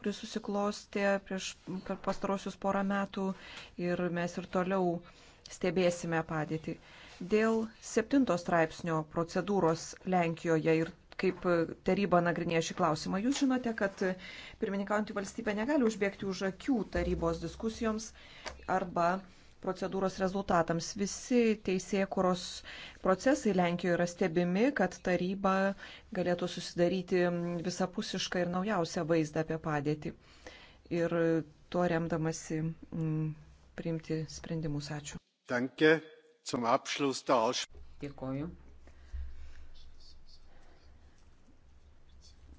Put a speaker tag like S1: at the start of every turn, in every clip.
S1: kuris susiklostė prieš per pastarosius porą metų ir mes ir toliau stebėsime padėtį. Dėl septinto straipsnio procedūros Lenkijoje ir kaip taryba nagrinėja šį klausimą. Jūs žinote, kad pirmininkaujantį valstybę negali užbėgti už akių tarybos diskusijoms arba procedūros rezultatams. Visi teisėkuros procesai Lenkijoje yra stebimi, kad taryba galėtų susidaryti visapusišką ir naujausią vaizdą apie padėtį. Ir tuo remdamasi m, mm, priimti
S2: sprendimus. Ačiū. Danke. Zum Abschluss der Aussprache. Dėkoju.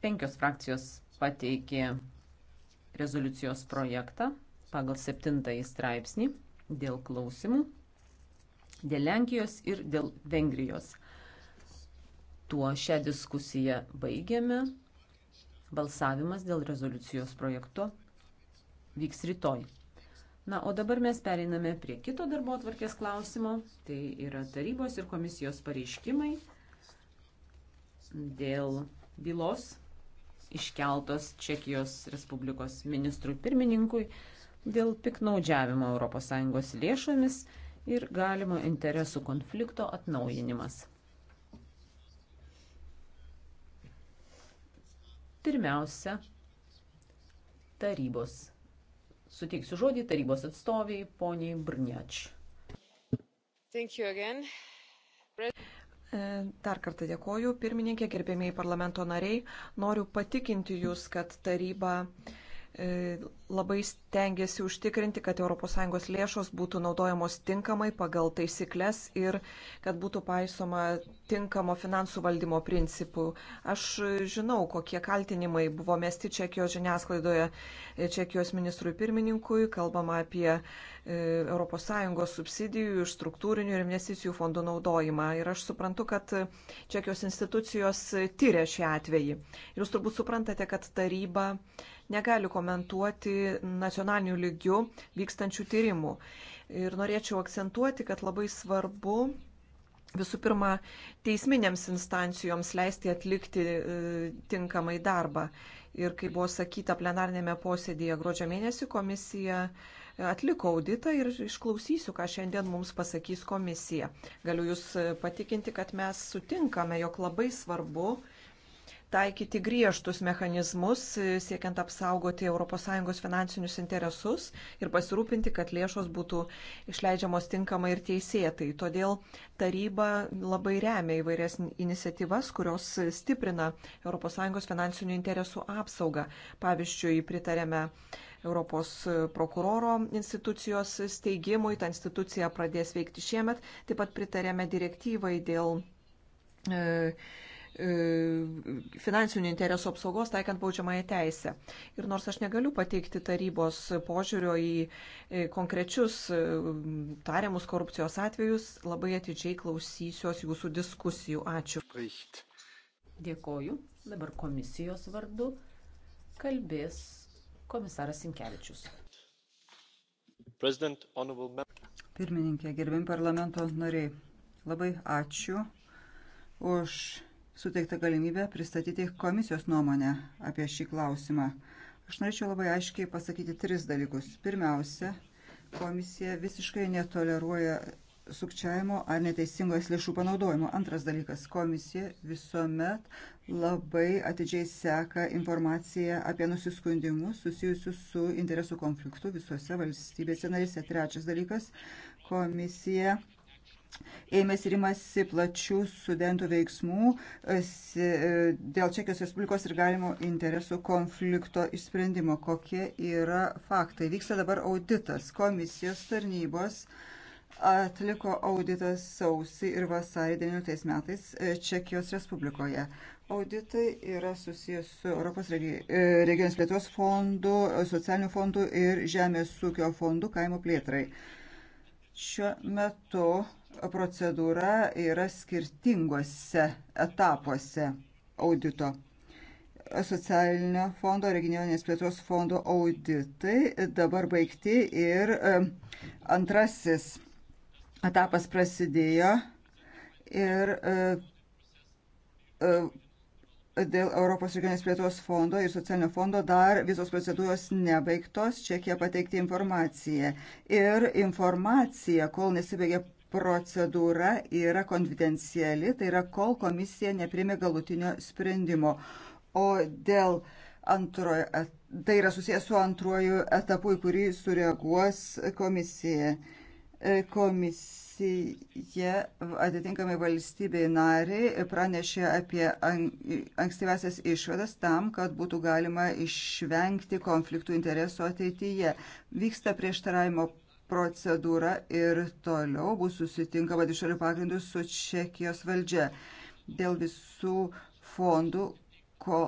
S2: Penkios frakcijos pateikė rezoliucijos projektą pagal septintąjį straipsnį dėl klausimų, dėl Lenkijos ir dėl Vengrijos. Tuo šią diskusiją baigiame. Balsavimas dėl rezoliucijos projekto vyks rytoj. Na, o dabar mes pereiname prie kito darbo atvarkės klausimo. Tai yra tarybos ir komisijos pareiškimai dėl bylos iškeltos Čekijos Respublikos ministrui pirmininkui dėl piknaudžiavimo ES lėšomis ir galimo interesų konflikto atnaujinimas. Pirmiausia, tarybos. Suteiksiu žodį tarybos atstoviai, poniai Brniač.
S1: E, dar kartą dėkoju, pirmininkė, gerbėmiai parlamento nariai. Noriu patikinti Jūs, kad taryba uh, E, labai stengiasi užtikrinti, kad ES lėšos būtų naudojamos tinkamai pagal taisyklės ir kad būtų paisoma tinkamo finansų valdymo principų. Aš žinau, kokie kaltinimai buvo mesti Čekijos žiniasklaidoje e, Čekijos ministrui pirmininkui, kalbama apie e, ES subsidijų ir struktūrinių ir investicijų fondų naudojimą. Ir aš suprantu, kad Čekijos institucijos tyria šį atvejį. Jūs turbūt suprantate, kad taryba negali komentuoti nacionalinių lygių vykstančių tyrimų. Ir norėčiau akcentuoti, kad labai svarbu visų pirma teisminėms instancijoms leisti atlikti e, tinkamai darbą. Ir kaip buvo sakyta plenarnėme posėdėje gruodžio mėnesį, komisija atliko auditą ir išklausysiu, ką šiandien mums pasakys komisija. Galiu Jūs e, patikinti, kad mes sutinkame, jog labai svarbu uh, taikyti griežtus mechanizmus, e, siekiant apsaugoti ES finansinius interesus ir pasirūpinti, kad lėšos būtų išleidžiamos tinkamai ir teisėtai. Todėl taryba labai remia įvairias iniciatyvas, kurios stiprina ES finansinių interesų apsaugą. Pavyzdžiui, pritarėme Europos prokuroro institucijos steigimui, ta institucija pradės veikti šiemet, taip pat pritarėme direktyvai dėl e, E, finansinių interesų apsaugos taikant baudžiamąją teisę. Ir nors aš negaliu pateikti tarybos požiūrio į e, konkrečius e, tariamus korupcijos atvejus, labai atidžiai klausysiuos jūsų diskusijų. Ačiū.
S2: Dėkoju. Dabar komisijos vardu kalbės komisaras Sinkevičius.
S3: Pirmininkė, gerbim parlamento nariai, labai ačiū už suteikta galimybė pristatyti komisijos nuomonę apie šį klausimą. Aš norėčiau labai aiškiai pasakyti tris dalykus. Pirmiausia, komisija visiškai netoleruoja sukčiavimo ar neteisingos lėšų panaudojimo. Antras dalykas, komisija visuomet labai atidžiai seka informaciją apie nusiskundimus susijusius su interesų konfliktu visose valstybėse narėse. Trečias dalykas, komisija ėmėsi rimasi plačių studentų veiksmų e, dėl Čekijos Respublikos ir galimo interesų konflikto išsprendimo. Kokie yra faktai? Vyksta dabar auditas komisijos tarnybos atliko auditas sausį ir vasarį 19 metais e, Čekijos Respublikoje. Auditai yra susijęs su Europos e, regionės plėtros fondu, socialiniu fondu ir žemės ūkio fondu kaimo plėtrai. Šiuo metu procedūra yra skirtinguose etapuose audito. Socialinio fondo, regioninės plėtros fondo auditai dabar baigti ir e, antrasis etapas prasidėjo ir e, e, dėl Europos regionės plėtros fondo ir socialinio fondo dar visos procedūros nebaigtos, čia kiek pateikti informaciją. Ir informacija, kol nesibaigė procedūra yra konfidenciali, tai yra kol komisija neprimė galutinio sprendimo. O dėl antrojo, tai yra susijęs su antruoju etapu, į kurį sureaguos komisija. E, komisija atitinkamai valstybei nariai pranešė apie ankstyvasias išvadas tam, kad būtų galima išvengti konfliktų interesų ateityje. Vyksta prieštaravimo procedūra ir toliau bus susitinkama dišalių pagrindų su Čekijos valdžia. Dėl visų fondų, ko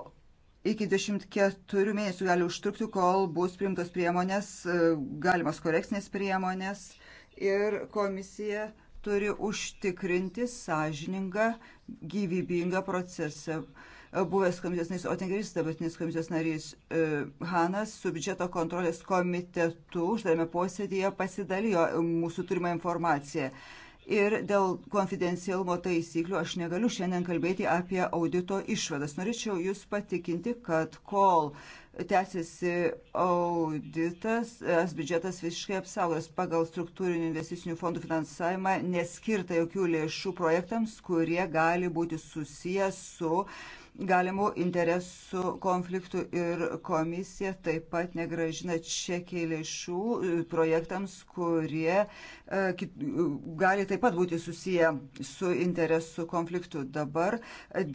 S3: iki 24 mėnesių gali užtrukti, kol bus priimtos priemonės, e, galimas korekcinės priemonės ir komisija turi užtikrinti sąžiningą, gyvybingą procesą buvęs komisijos narys Otingeris, dabartinis komisijos narys e, Hanas, su biudžeto kontrolės komitetu uždarėme posėdėje pasidalijo mūsų turimą informaciją. Ir dėl konfidencialumo taisyklių aš negaliu šiandien kalbėti apie audito išvadas. Norėčiau Jūs patikinti, kad kol tęsiasi auditas, es biudžetas visiškai apsaugotas pagal struktūrinių investicinių fondų finansavimą, neskirta jokių lėšų projektams, kurie gali būti susijęs su uh, galimų interesų konfliktų ir komisija taip pat negražina čekiai lėšų e, projektams, kurie e, e, gali taip pat būti susiję su interesų konfliktu. Dabar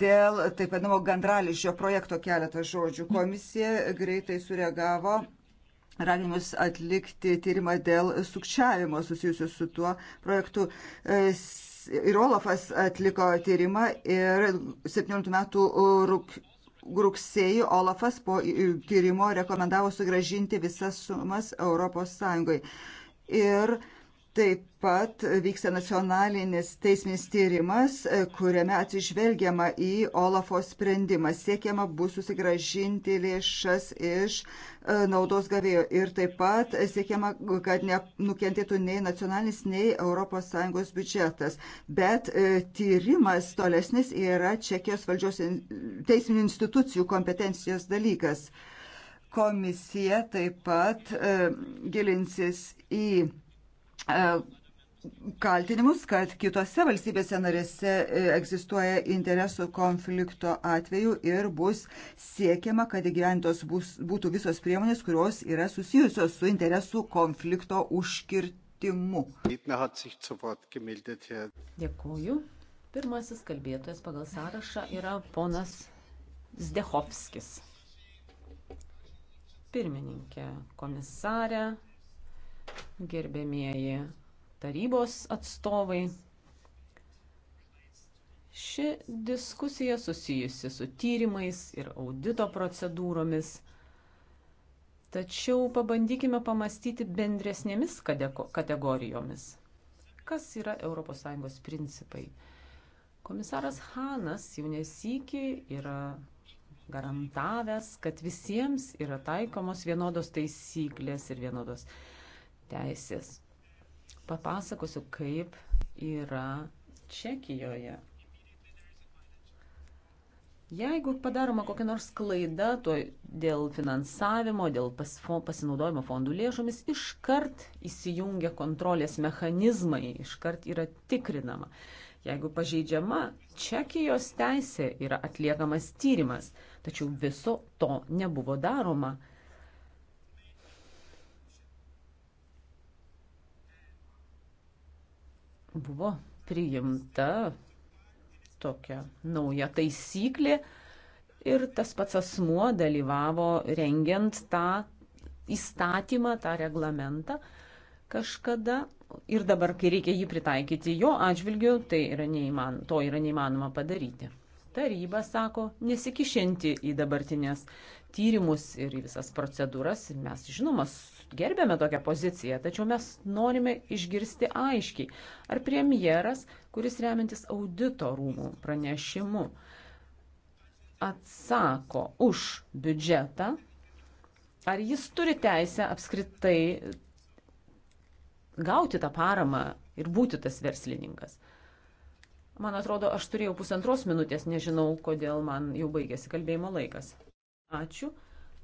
S3: dėl taip vadinamo gandrališio projekto keletą žodžių komisija greitai sureagavo raginimus atlikti tyrimą dėl sukčiavimo susijusiu su tuo projektu ir Olafas atliko tyrimą ir 17 metų rūp, rugsėjį Olafas po tyrimo rekomendavo sugražinti visas sumas Europos Sąjungai. Ir uh, Taip pat vyksta nacionalinis teisminis tyrimas, e, kuriame atsižvelgiama į Olafo sprendimą. Siekiama bus susigražinti lėšas iš e, naudos gavėjo ir taip pat siekiama, kad nenukentėtų nei nacionalinis, nei ES biudžetas. Bet e, tyrimas tolesnis yra Čekijos valdžios teisminių institucijų kompetencijos dalykas. Komisija taip pat gilinsis į E, kaltinimus, kad kitose valstybėse narėse e, egzistuoja interesų konflikto atveju ir bus siekiama, kad įgyventos bus, būtų visos priemonės, kurios yra susijusios su interesų konflikto užkirtimu.
S2: Dėkuoju. Pirmasis kalbėtojas pagal sąrašą yra ponas Zdechovskis. Pirmininkė, komisarė, gerbėmieji tarybos atstovai. Ši diskusija susijusi su tyrimais ir audito procedūromis. Tačiau pabandykime pamastyti bendresnėmis kategorijomis. Kas yra ES principai? Komisaras Hanas jau nesikį yra garantavęs, kad visiems yra taikomos vienodos taisyklės ir vienodos teisės. Papasakosiu, kaip yra Čekijoje. Jeigu padaroma kokia nors klaida to dėl finansavimo, dėl pasinaudojimo fondų lėšomis, iškart įsijungia kontrolės mechanizmai, iškart yra tikrinama. Jeigu pažeidžiama Čekijos teisė, yra atliekamas tyrimas, tačiau viso to nebuvo daroma. buvo priimta tokia nauja taisyklė ir tas pats asmuo dalyvavo rengiant tą įstatymą, tą reglamentą kažkada. Ir dabar, kai reikia jį pritaikyti jo atžvilgiu, tai yra neįman, to yra neįmanoma padaryti. Taryba sako, nesikišinti į dabartinės tyrimus ir į visas procedūras. Mes, žinoma, gerbėme tokią poziciją, tačiau mes norime išgirsti aiškiai, ar premjeras, kuris remiantis audito rūmų pranešimu, atsako už biudžetą, ar jis turi teisę apskritai gauti tą paramą ir būti tas verslininkas. Man atrodo, aš turėjau pusantros minutės, nežinau, kodėl man jau baigėsi kalbėjimo laikas. Ačiū.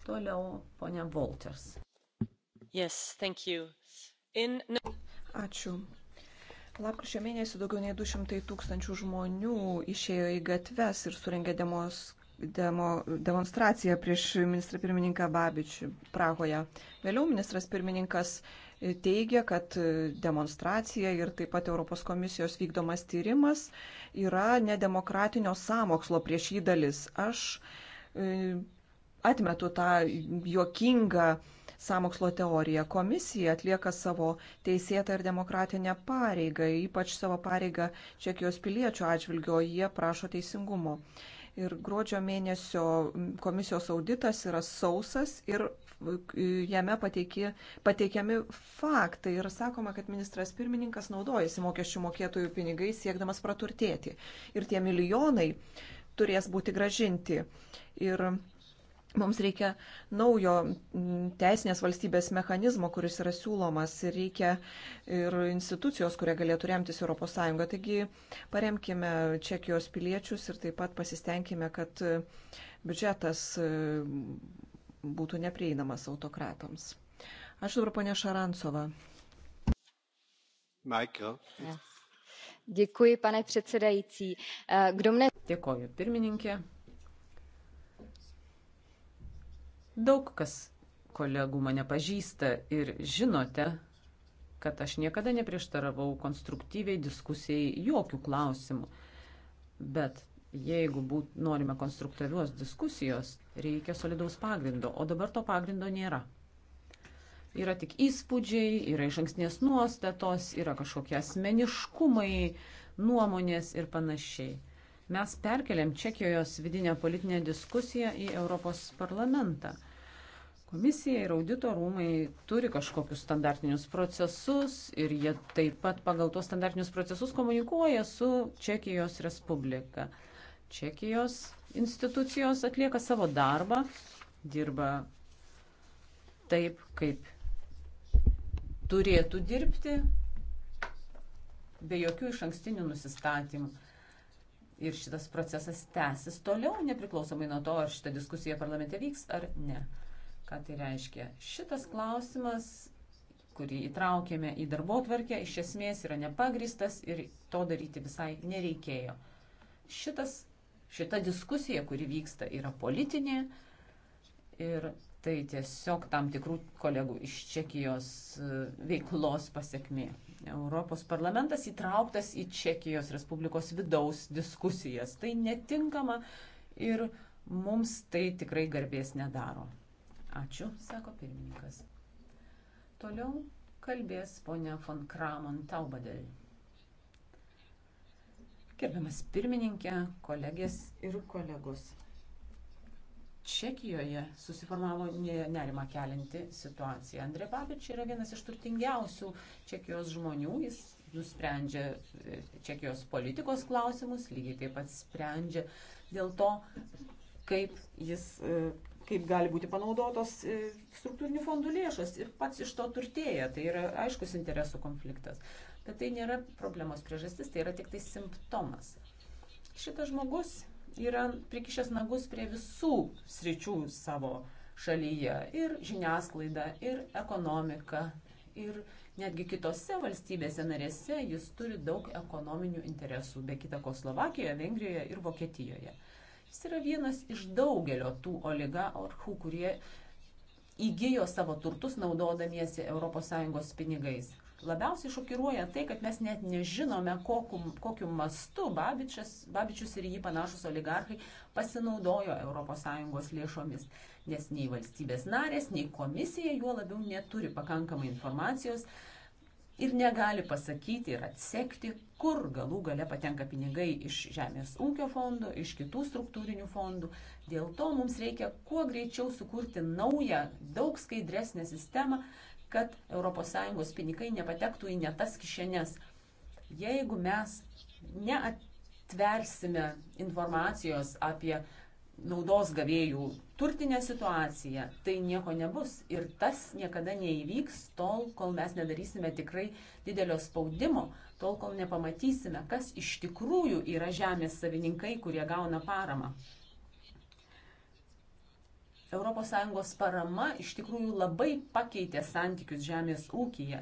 S2: Toliau ponia Volters. Yes,
S1: In... Ačiū. Lapkričio mėnesį daugiau nei 200 tūkstančių žmonių išėjo į gatves ir surengė demos, demo, demonstraciją prieš ministrą pirmininką Babičių Prahoje. Vėliau ministras pirmininkas teigia, kad demonstracija ir taip pat Europos komisijos vykdomas tyrimas yra nedemokratinio sąmokslo prieš jį dalis. Aš e, atmetu tą juokingą samokslo teoriją. Komisija atlieka savo teisėtą ir demokratinę pareigą, ypač savo pareigą Čekijos piliečių atžvilgio, jie prašo teisingumo. Ir gruodžio mėnesio komisijos auditas yra sausas ir jame pateiki, pateikiami faktai ir sakoma, kad ministras pirmininkas naudojasi mokesčių mokėtojų pinigais siekdamas praturtėti. Ir tie milijonai turės būti gražinti. Ir Mums reikia naujo teisinės valstybės mechanizmo, kuris yra siūlomas ir reikia ir institucijos, kurie galėtų remtis ES. Taigi paremkime Čekijos piliečius ir taip pat pasistengkime, kad e, biudžetas e, būtų neprieinamas autokratams. Aš dabar ponė Šarancova.
S2: Michael. Děkuji, pane předsedající. E, kdo mne... Dėkoju, pirmininkė. Daug kas kolegų mane pažįsta ir žinote, kad aš niekada neprieštaravau konstruktyviai diskusijai jokių klausimų. Bet jeigu būt, norime konstruktyvios diskusijos, reikia solidaus pagrindo, o dabar to pagrindo nėra. Yra tik įspūdžiai, yra iš anksnės nuostatos, yra kažkokie asmeniškumai, nuomonės ir panašiai. Mes perkeliam Čekijos vidinę politinę diskusiją į Europos parlamentą. Komisija ir audito rūmai turi kažkokius standartinius procesus ir jie taip pat pagal tuos standartinius procesus komunikuoja su Čekijos Respublika. Čekijos institucijos atlieka savo darbą, dirba taip, kaip turėtų dirbti, be jokių iš ankstinių nusistatymų ir šitas procesas tęsis toliau, nepriklausomai nuo to, ar šita diskusija parlamente vyks ar ne. Ką tai reiškia? Šitas klausimas, kurį įtraukėme į darbo tvarkę, iš esmės yra nepagristas ir to daryti visai nereikėjo. Šitas, šita diskusija, kuri vyksta, yra politinė ir tai tiesiog tam tikrų kolegų iš Čekijos e, veiklos pasiekmi. Europos parlamentas įtrauktas į Čekijos Respublikos vidaus diskusijas. Tai netinkama ir mums tai tikrai garbės nedaro. Ačiū, sako pirmininkas. Toliau kalbės ponia von Kramon Taubadel. Gerbiamas pirmininkė, kolegės ir kolegos. Čekijoje susiformavo nerima kelinti situacija. Andrė Babič yra vienas iš turtingiausių Čekijos žmonių. Jis nusprendžia e, Čekijos politikos klausimus, lygiai taip pat sprendžia dėl to, kaip jis e, kaip gali būti panaudotos e, struktūrinių fondų lėšos ir pats iš to turtėja. Tai yra aiškus interesų konfliktas. Bet tai nėra problemos priežastis, tai yra tik tai simptomas. Šitas žmogus yra prikišęs nagus prie visų sričių savo šalyje - ir žiniasklaida, ir ekonomika, ir netgi kitose valstybėse narėse jis turi daug ekonominių interesų, be kita ko Slovakijoje, Vengrijoje ir Vokietijoje. Jis yra vienas iš daugelio tų oligarchų, kurie įgyjo savo turtus naudodamiesi ES pinigais. Labiausiai šokiruoja tai, kad mes net nežinome, kokiu, kokiu mastu Babičius, Babičius ir jį panašus oligarchai pasinaudojo ES lėšomis, nes nei valstybės narės, nei komisija juo labiau neturi pakankamai informacijos ir negali pasakyti ir atsekti, kur galų gale patenka pinigai iš Žemės ūkio fondo, iš kitų struktūrinių fondų. Dėl to mums reikia kuo greičiau sukurti naują, daug skaidresnę sistemą kad ES pinigai nepatektų į netas kišenes. Jeigu mes neatversime informacijos apie naudos gavėjų turtinę situaciją, tai nieko nebus. Ir tas niekada neįvyks tol, kol mes nedarysime tikrai didelio spaudimo, tol, kol nepamatysime, kas iš tikrųjų yra žemės savininkai, kurie gauna paramą. ES parama iš tikrųjų labai pakeitė santykius žemės ūkyje.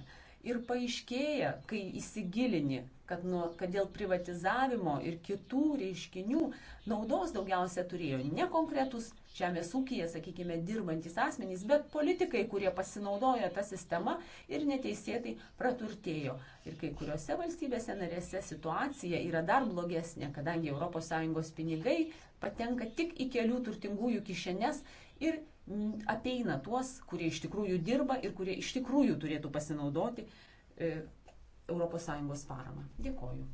S2: Ir paaiškėja, kai įsigilini, kad, nu, kad dėl privatizavimo ir kitų reiškinių naudos daugiausia turėjo ne konkretus žemės ūkyje, sakykime, dirbantis asmenys, bet politikai, kurie pasinaudojo tą sistemą ir neteisėtai praturtėjo. Ir kai kuriuose valstybėse narėse situacija yra dar blogesnė, kadangi ES pinigai patenka tik į kelių turtingųjų kišenes ir apeina tuos, kurie iš tikrųjų dirba ir kurie iš tikrųjų turėtų pasinaudoti ES paramą. Dėkoju.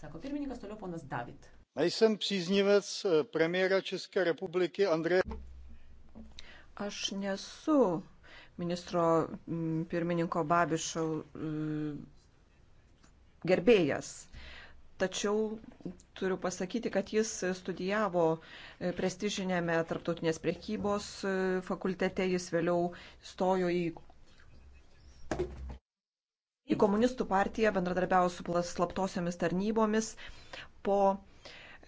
S2: Sako pirmininkas toliau ponas David.
S3: Nejsem příznivec e, premjera České republiky Andreje.
S2: Aš nesu
S1: ministro pirmininko Babišau e, gerbėjas tačiau turiu pasakyti, kad jis studijavo e, prestižinėme tarptautinės priekybos e, fakultete, jis vėliau stojo į, į komunistų partiją, bendradarbiavo su slaptosiomis tarnybomis po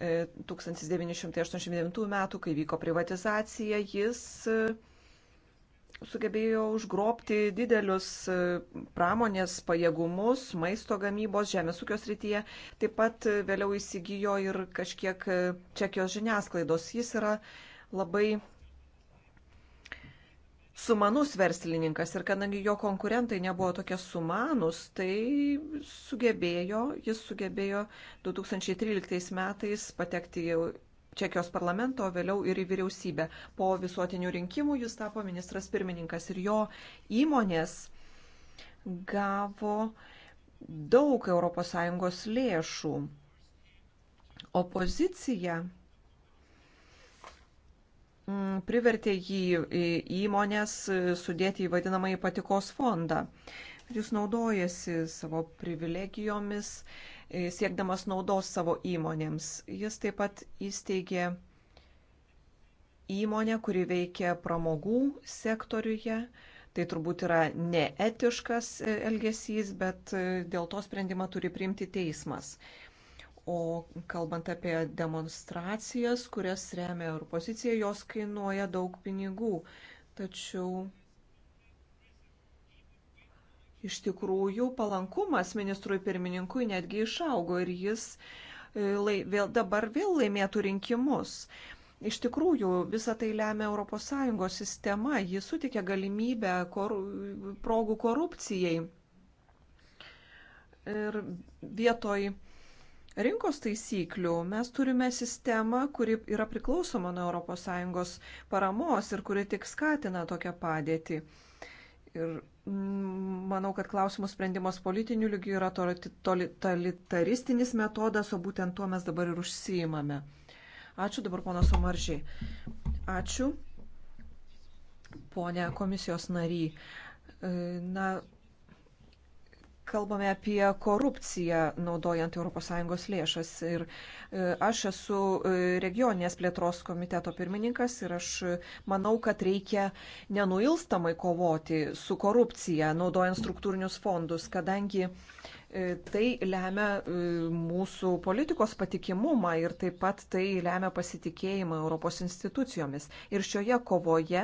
S1: 1989 e, metų, kai vyko privatizacija, jis sugebėjo užgrobti didelius e, pramonės pajėgumus maisto gamybos, žemės ūkio srityje. Taip pat e, vėliau įsigijo ir kažkiek e, čekijos žiniasklaidos. Jis yra labai sumanus verslininkas ir kadangi jo konkurentai nebuvo tokie sumanus, tai sugebėjo, jis sugebėjo 2013 metais patekti Čekijos parlamento, vėliau ir į vyriausybę. Po visuotinių rinkimų jis tapo ministras pirmininkas ir jo įmonės gavo daug ES lėšų. Opozicija mm, privertė jį įmonės sudėti į vadinamąjį patikos fondą. Jis naudojasi savo privilegijomis, E, siekdamas naudos savo įmonėms. Jis taip pat įsteigė įmonę, kuri veikia pramogų sektoriuje. Tai turbūt yra neetiškas e, elgesys, bet e, dėl to sprendimą turi priimti teismas. O kalbant apie demonstracijas, kurias remia ir pozicija, jos kainuoja daug pinigų. Tačiau Iš tikrųjų, palankumas ministrui pirmininkui netgi išaugo ir jis e, lai, vėl, dabar vėl laimėtų rinkimus. Iš tikrųjų, visą tai lemia ES sistema, ji sutikė galimybę kor, progų korupcijai. Ir vietoj rinkos taisyklių mes turime sistemą, kuri yra priklausoma nuo ES paramos ir kuri tik skatina tokią padėtį. Ir Manau, kad klausimų sprendimas politinių lygių yra totalitaristinis metodas, o būtent tuo mes dabar ir užsijimame. Ačiū dabar, ponas Omaržiai. Ačiū, ponė komisijos nary. Na, kalbame apie korupciją naudojant ES lėšas. Ir e, aš esu e, regioninės plėtros komiteto pirmininkas ir aš e, manau, kad reikia nenuilstamai kovoti su korupcija naudojant struktūrinius fondus, kadangi tai lemia mūsų politikos patikimumą ir taip pat tai lemia pasitikėjimą Europos institucijomis. Ir šioje kovoje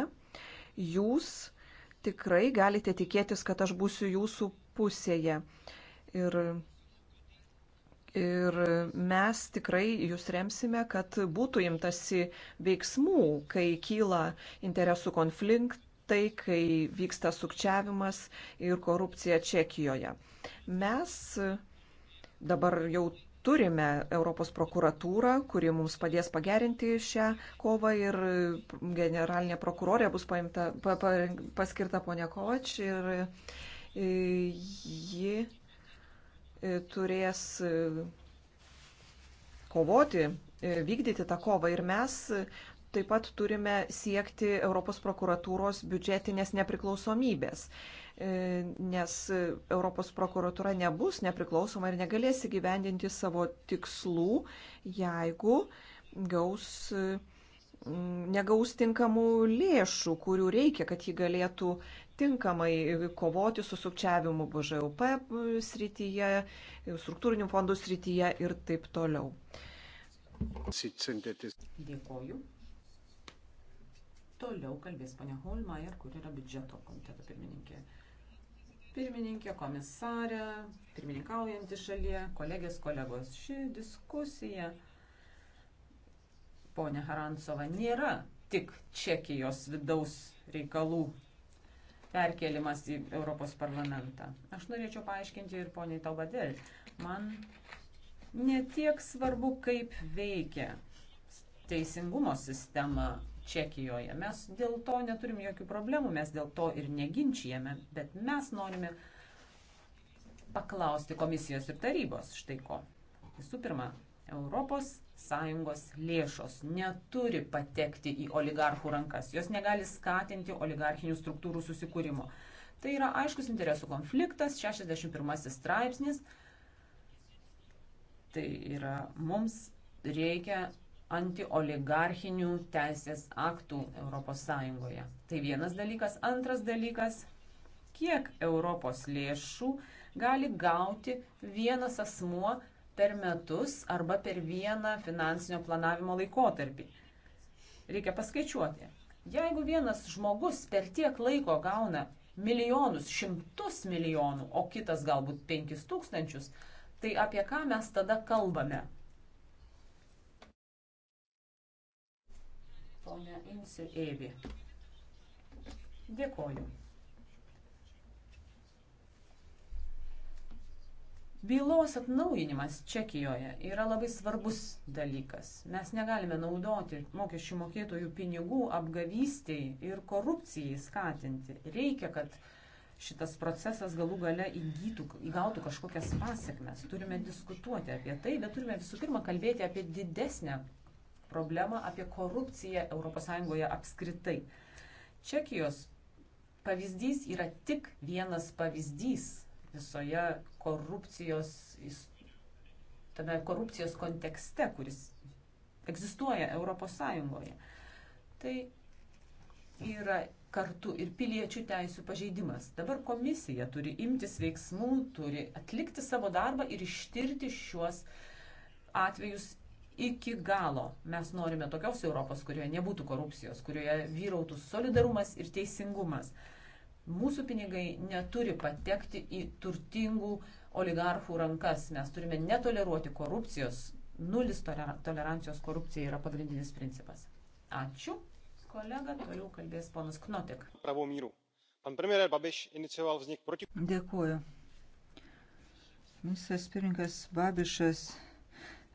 S1: jūs tikrai galite tikėtis, kad aš būsiu jūsų pusėje. Ir, ir mes tikrai jūs remsime, kad būtų imtasi veiksmų, kai kyla interesų konfliktų tai, kai vyksta sukčiavimas ir korupcija Čekijoje. Mes dabar jau turime Europos prokuratūrą, kuri mums padės pagerinti šią kovą ir generalinė prokurorė bus paimta, pa, pa, paskirta ponia Kovač ir e, ji e, turės e, kovoti, vykdyti tą kovą ir mes taip pat turime siekti Europos prokuratūros biudžetinės nepriklausomybės, e, nes Europos prokuratūra nebus nepriklausoma ir negalės įgyvendinti savo tikslų, jeigu gaus, negaus tinkamų lėšų, kurių reikia, kad ji galėtų tinkamai kovoti su sukčiavimu BŽUP srityje, struktūrinių fondų srityje ir taip toliau.
S2: Dėkoju. Toliau kalbės ponia Holmeier, kur yra biudžeto komiteto pirmininkė. Pirmininkė, komisarė, pirmininkaujantį šalyje, kolegės, kolegos. Ši diskusija, ponia Harantsova, nėra tik Čekijos vidaus reikalų perkelimas į Europos parlamentą. Aš norėčiau paaiškinti ir poniai Taubadėl. Man netiek svarbu, kaip veikia teisingumo sistema Čekijoje. Mes dėl to neturim jokių problemų, mes dėl to ir neginčijame, bet mes norime paklausti komisijos ir tarybos štai ko. Visų pirma, ES lėšos neturi patekti į oligarchų rankas, jos negali skatinti oligarchinių struktūrų susikūrimo. Tai yra aiškus interesų konfliktas, 61 straipsnis. Tai yra mums reikia antioligarchinių teisės aktų ES. Tai vienas dalykas. Antras dalykas, kiek Europos lėšų gali gauti vienas asmuo per metus arba per vieną finansinio planavimo laikotarpį. Reikia paskaičiuoti. Jeigu vienas žmogus per tiek laiko gauna milijonus, šimtus milijonų, o kitas galbūt penkis tūkstančius, tai apie ką mes tada kalbame? Pone Inse Evi. Dėkoju. Bylos atnaujinimas Čekijoje yra labai svarbus dalykas. Mes negalime naudoti mokesčių mokėtojų pinigų apgavystiai ir korupcijai skatinti. Reikia, kad šitas procesas galų gale įgytų, įgautų kažkokias pasiekmes. Turime diskutuoti apie tai, bet turime visų pirma kalbėti apie didesnę problemą apie korupciją ES apskritai. Čekijos pavyzdys yra tik vienas pavyzdys visoje korupcijos, tame korupcijos kontekste, kuris egzistuoja ES. Tai yra kartu ir piliečių teisų pažeidimas. Dabar komisija turi imtis veiksmų, turi atlikti savo darbą ir ištirti šiuos atvejus iki galo. Mes norime tokios Europos, kurioje nebūtų korupcijos, kurioje vyrautų solidarumas ir teisingumas. Mūsų pinigai neturi patekti į turtingų oligarchų rankas. Mes turime netoleruoti korupcijos. Nulis tolerancijos korupcija yra pagrindinis principas. Ačiū. Kolega, toliau kalbės ponas Knotik. Dėkuoju. Ministras
S3: pirinkas Babišas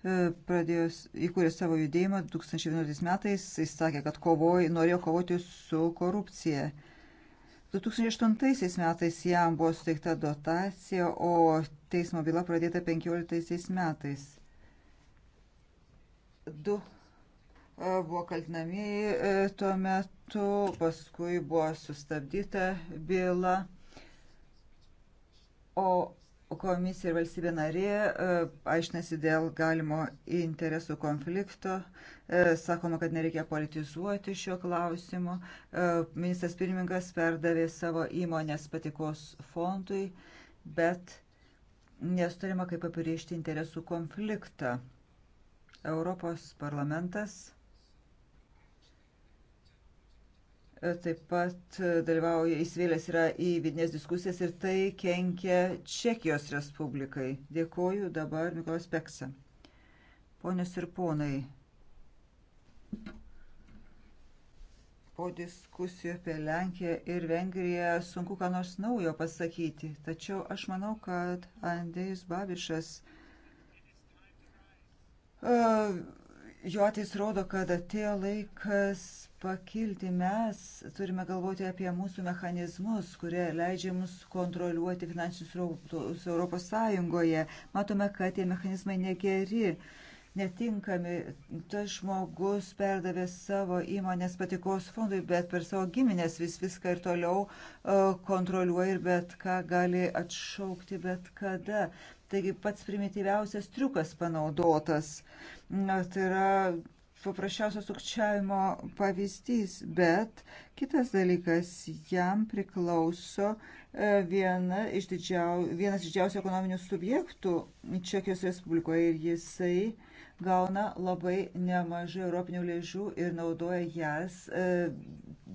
S3: E, pradėjo įkūrė savo judėjimą 2011 metais. Jis sakė, kad kovoj, norėjo kovoti su korupcija. 2008 metais jam buvo suteikta dotacija, o teismo byla pradėta 2015 metais. Du e, buvo kaltinamieji e, tuo metu, paskui buvo sustabdyta byla. O komisija ir valstybė narė e, aiškinasi dėl galimo interesų konflikto. E, sakoma, kad nereikia politizuoti šio klausimo. E, ministras pirmininkas perdavė savo įmonės patikos fondui, bet nesutarima, kaip apirėžti interesų konfliktą. Europos parlamentas taip pat dalyvauja įsivėlęs yra į vidinės diskusijas ir tai kenkia Čekijos Respublikai. Dėkoju dabar Miklas Peksa. Ponios ir ponai, po diskusijų apie Lenkiją ir Vengriją sunku ką nors naujo pasakyti, tačiau aš manau, kad Andėjus Babišas uh, jo ateis rodo, kad atėjo laikas pakilti. Mes turime galvoti apie mūsų mechanizmus, kurie leidžia mus kontroliuoti finansinius rautus Europos Sąjungoje. Matome, kad tie mechanizmai negeri, netinkami. Tas žmogus perdavė savo įmonės patikos fondui, bet per savo giminės vis viską ir toliau e, kontroliuoja ir bet ką gali atšaukti bet kada. Taigi pats primityviausias triukas panaudotas. Na, tai yra paprasčiausio sukčiavimo pavyzdys, bet kitas dalykas, jam priklauso e, viena iš didžiau, vienas didžiausių ekonominių subjektų Čekijos Respublikoje ir jisai gauna labai nemažai europinių lėžų ir naudoja jas e,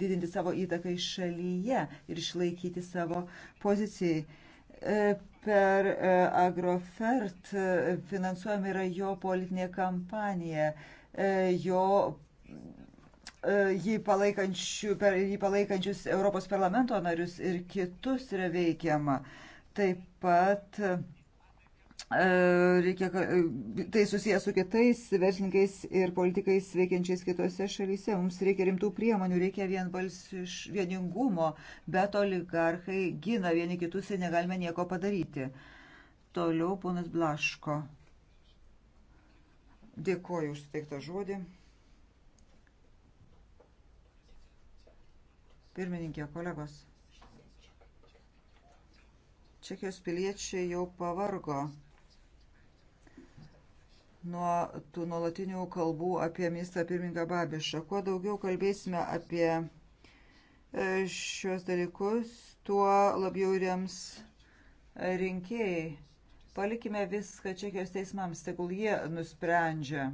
S3: didinti savo įtaką iš šalyje ir išlaikyti savo pozicijai. E, Per e, Agrofert e, finansuojama yra jo politinė kampanija, e, jo jį palaikančių, per jį palaikančius Europos parlamento narius ir kitus yra veikiama. Taip pat E, reikia, e, tai susijęs su kitais verslininkais ir politikais veikiančiais kitose šalyse. Mums reikia rimtų priemonių, reikia vienbalsiš vieningumo, bet oligarchai gina vieni kitus ir negalime nieko padaryti. Toliau ponas Blaško. Dėkoju už suteiktą žodį. Pirmininkė, kolegos. Čekijos piliečiai jau pavargo nuo tų nuolatinių kalbų apie ministrą pirmininką Babišą. Kuo daugiau kalbėsime apie e, šios dalykus, tuo labiau rems e, rinkėjai. Palikime viską Čekijos teismams, tegul jie nusprendžia,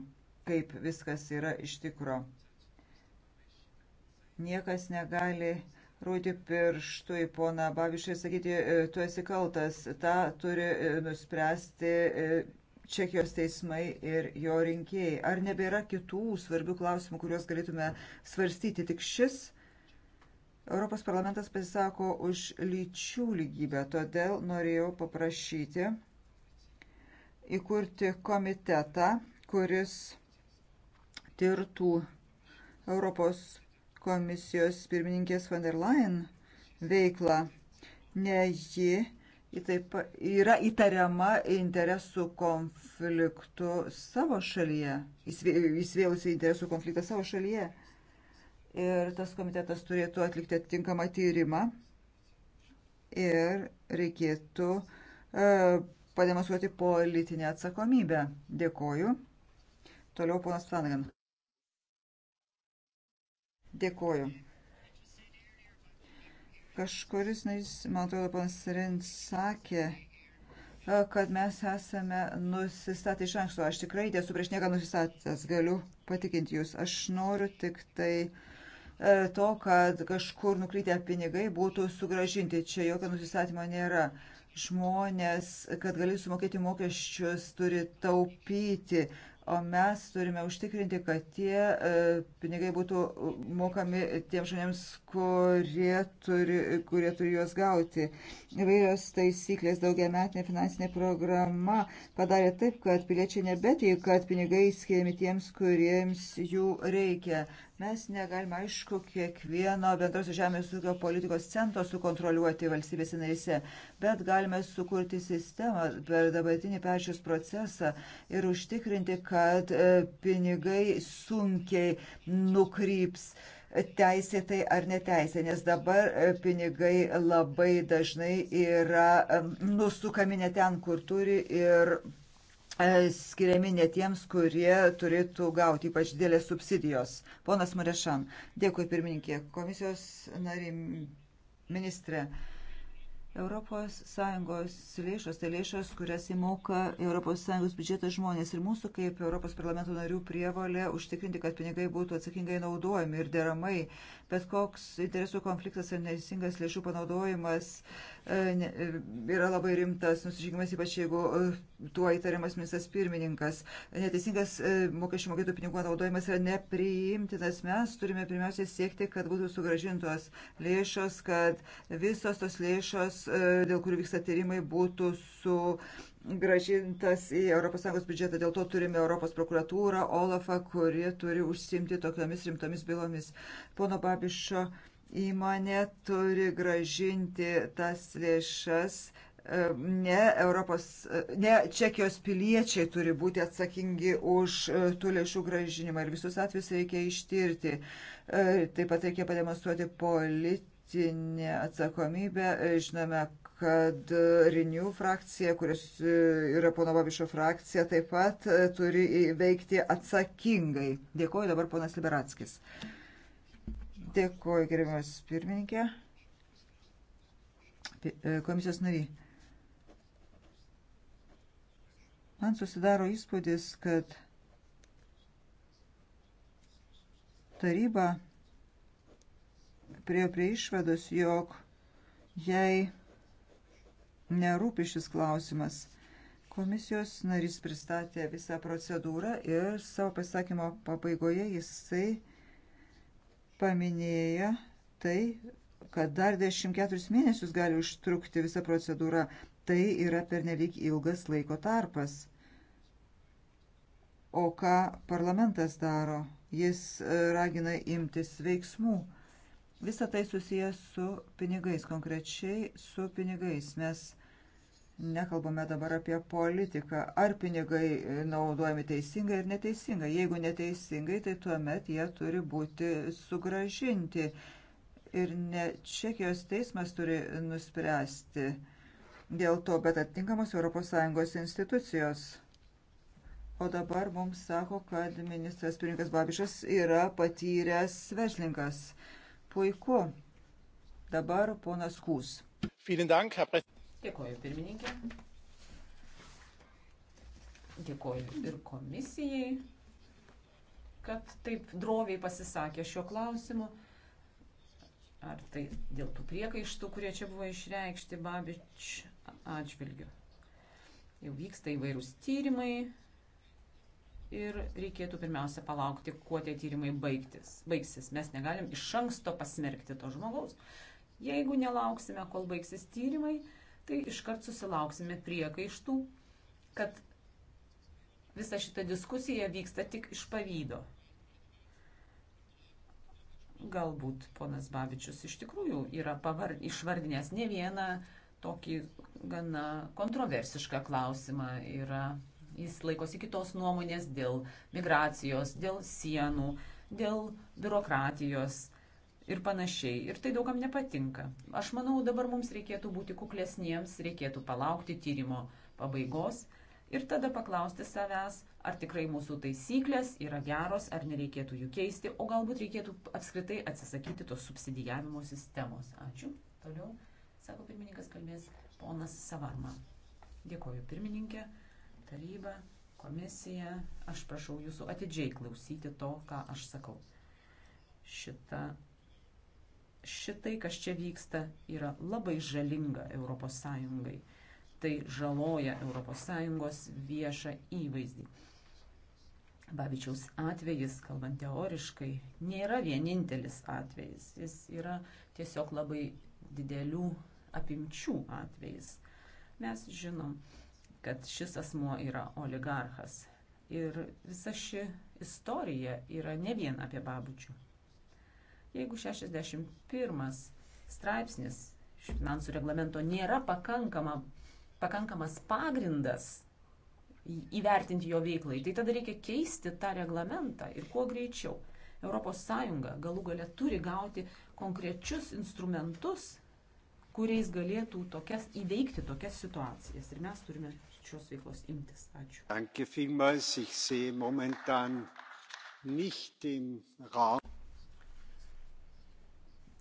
S3: kaip viskas yra iš tikro. Niekas negali rūti pirštų į poną Babišą ir sakyti, e, tu esi kaltas. Ta turi nuspręsti Čekijos teismai ir jo rinkėjai. Ar nebėra kitų svarbių klausimų, kuriuos galėtume svarstyti? Tik šis Europos parlamentas pasisako už lyčių lygybę, todėl norėjau paprašyti įkurti komitetą, kuris tirtų Europos komisijos pirmininkės van der Leyen veiklą. Ne ji taip, yra įtariama interesų konfliktų savo šalyje, įsivėlusi interesų konfliktą savo šalyje. Ir tas komitetas turėtų atlikti atitinkamą tyrimą ir reikėtų uh, pademonstruoti politinę atsakomybę. Dėkoju. Toliau ponas Flanagan. Dėkoju. Kažkuris, na, jis, man atrodo, panas Rin sakė, kad mes esame nusistatę iš anksto. Aš tikrai nesu prieš nieką nusistatęs, galiu patikinti jūs. Aš noriu tik tai e, to, kad kažkur nuklytę pinigai būtų sugražinti. Čia jokio nusistatymo nėra. Žmonės, kad gali sumokėti mokesčius, turi taupyti. O mes turime užtikrinti, kad tie e, pinigai būtų mokami tiem žmonėms, kurie turi, kurie turi juos gauti. Įvairios taisyklės daugiametinė finansinė programa padarė taip, kad piliečiai nebetiki, kad pinigai skiriami tiems, kuriems jų reikia. Mes negalime, aišku, kiekvieno bendros žemės ūkio politikos centro sukontroliuoti valstybėse narise, bet galime sukurti sistemą per dabartinį peržiūros procesą ir užtikrinti, kad e, pinigai sunkiai nukryps teisėtai ar neteisė, nes dabar e, pinigai labai dažnai yra e, nusukami ne ten, kur turi ir E, skiriami ne tiems, kurie turėtų gauti ypač dėlės subsidijos. Ponas Marešan, dėkui pirmininkė, komisijos narim ministrė. ES lėšos, tai lėšos, kurias įmoka ES biudžetas žmonės ir mūsų kaip ES narių prievalė užtikrinti, kad pinigai būtų atsakingai naudojami ir deramai bet koks interesų konfliktas ar neteisingas lėšų panaudojimas e, e, yra labai rimtas nusižygimas, ypač jeigu e, tuo įtariamas ministras pirmininkas. Neteisingas mokesčių mokėtų pinigų naudojimas yra nepriimtinas. Mes turime pirmiausia siekti, kad būtų sugražintos lėšos, kad visos tos lėšos, dėl kurių vyksta tyrimai, būtų su gražintas į ES biudžetą. Dėl to turime Europos prokuratūrą, Olafą, kuri turi užsimti tokiamis rimtomis bylomis. Pono Babišo įmonė turi gražinti tas lėšas. E, ne, Europos, e, ne Čekijos piliečiai turi būti atsakingi už e, tų lėšų gražinimą ir visus atvejus reikia ištirti. Taip pat reikia pademonstruoti politinę atsakomybę. Žinome, kad Renew frakcija, kuris e, yra pono Babišo frakcija, taip pat e, turi veikti atsakingai. Dėkuoju dabar ponas Liberatskis. Dėkuoju, gerbiamas pirmininkė. E, komisijos nariai. Man susidaro įspūdis, kad taryba priejo prie išvados, jog jei nerūpi šis klausimas. Komisijos narys pristatė visą procedūrą ir savo pasakymo pabaigoje jisai paminėjo tai, kad dar 24 mėnesius gali užtrukti visa procedūra. Tai yra pernelyg ilgas laiko tarpas. O ką parlamentas daro? Jis ragina imtis veiksmų. Visą tai susijęs su pinigais, konkrečiai su pinigais. Mes nekalbame dabar apie politiką, ar pinigai naudojami teisingai ar neteisingai. Jeigu neteisingai, tai tuomet jie turi būti sugražinti. Ir ne Čekijos teismas turi nuspręsti dėl to, bet atitinkamos ES institucijos. O dabar mums sako, kad ministras pirinkas Babišas yra patyręs vežlinkas. Puiku. Dabar ponas
S2: Kūs. Dėkoju, pirmininkė. Dėkoju ir komisijai, kad taip droviai pasisakė šiuo klausimu. Ar tai dėl tų priekaištų, kurie čia buvo išreikšti Babič atžvilgiu. Jau vyksta įvairūs tyrimai, ir reikėtų pirmiausia palaukti, kuo tie tyrimai baigtis, baigsis. Mes negalim iš anksto pasmerkti to žmogaus. Jeigu nelauksime, kol baigsis tyrimai, tai iškart susilauksime priekaištų, kad visa šita diskusija vyksta tik iš pavydo. Galbūt ponas Babičius iš tikrųjų yra pavar, išvardinęs ne vieną tokį gana kontroversišką klausimą. Yra Jis laikosi kitos nuomonės dėl migracijos, dėl sienų, dėl biurokratijos ir panašiai. Ir tai daugam nepatinka. Aš manau, dabar mums reikėtų būti kuklesniems, reikėtų palaukti tyrimo pabaigos ir tada paklausti savęs, ar tikrai mūsų taisyklės yra geros, ar nereikėtų jų keisti, o galbūt reikėtų apskritai atsisakyti tos subsidijavimo sistemos. Ačiū. Toliau, sako pirmininkas, kalbės ponas Savarma. Dėkoju, pirmininkė taryba, komisija. Aš prašau jūsų atidžiai klausyti to, ką aš sakau. Šita, šitai, kas čia vyksta, yra labai žalinga ES. Tai žaloja ES viešą įvaizdį. Babičiaus atvejis, kalbant teoriškai, nėra vienintelis atvejis. Jis yra tiesiog labai didelių apimčių atvejis. Mes žinom, kad šis asmo yra oligarchas. Ir visa ši istorija yra ne vien apie babučių. Jeigu 61 straipsnis finansų reglamento nėra pakankama, pakankamas pagrindas įvertinti jo veiklai, tai tada reikia keisti tą reglamentą ir kuo greičiau. ES galų gale turi gauti konkrečius instrumentus, kuriais galėtų tokias, įveikti tokias situacijas. Ir mes turime šios veiklos imtis. Ačiū. Danke vielmals. Ich sehe momentan nicht im Raum.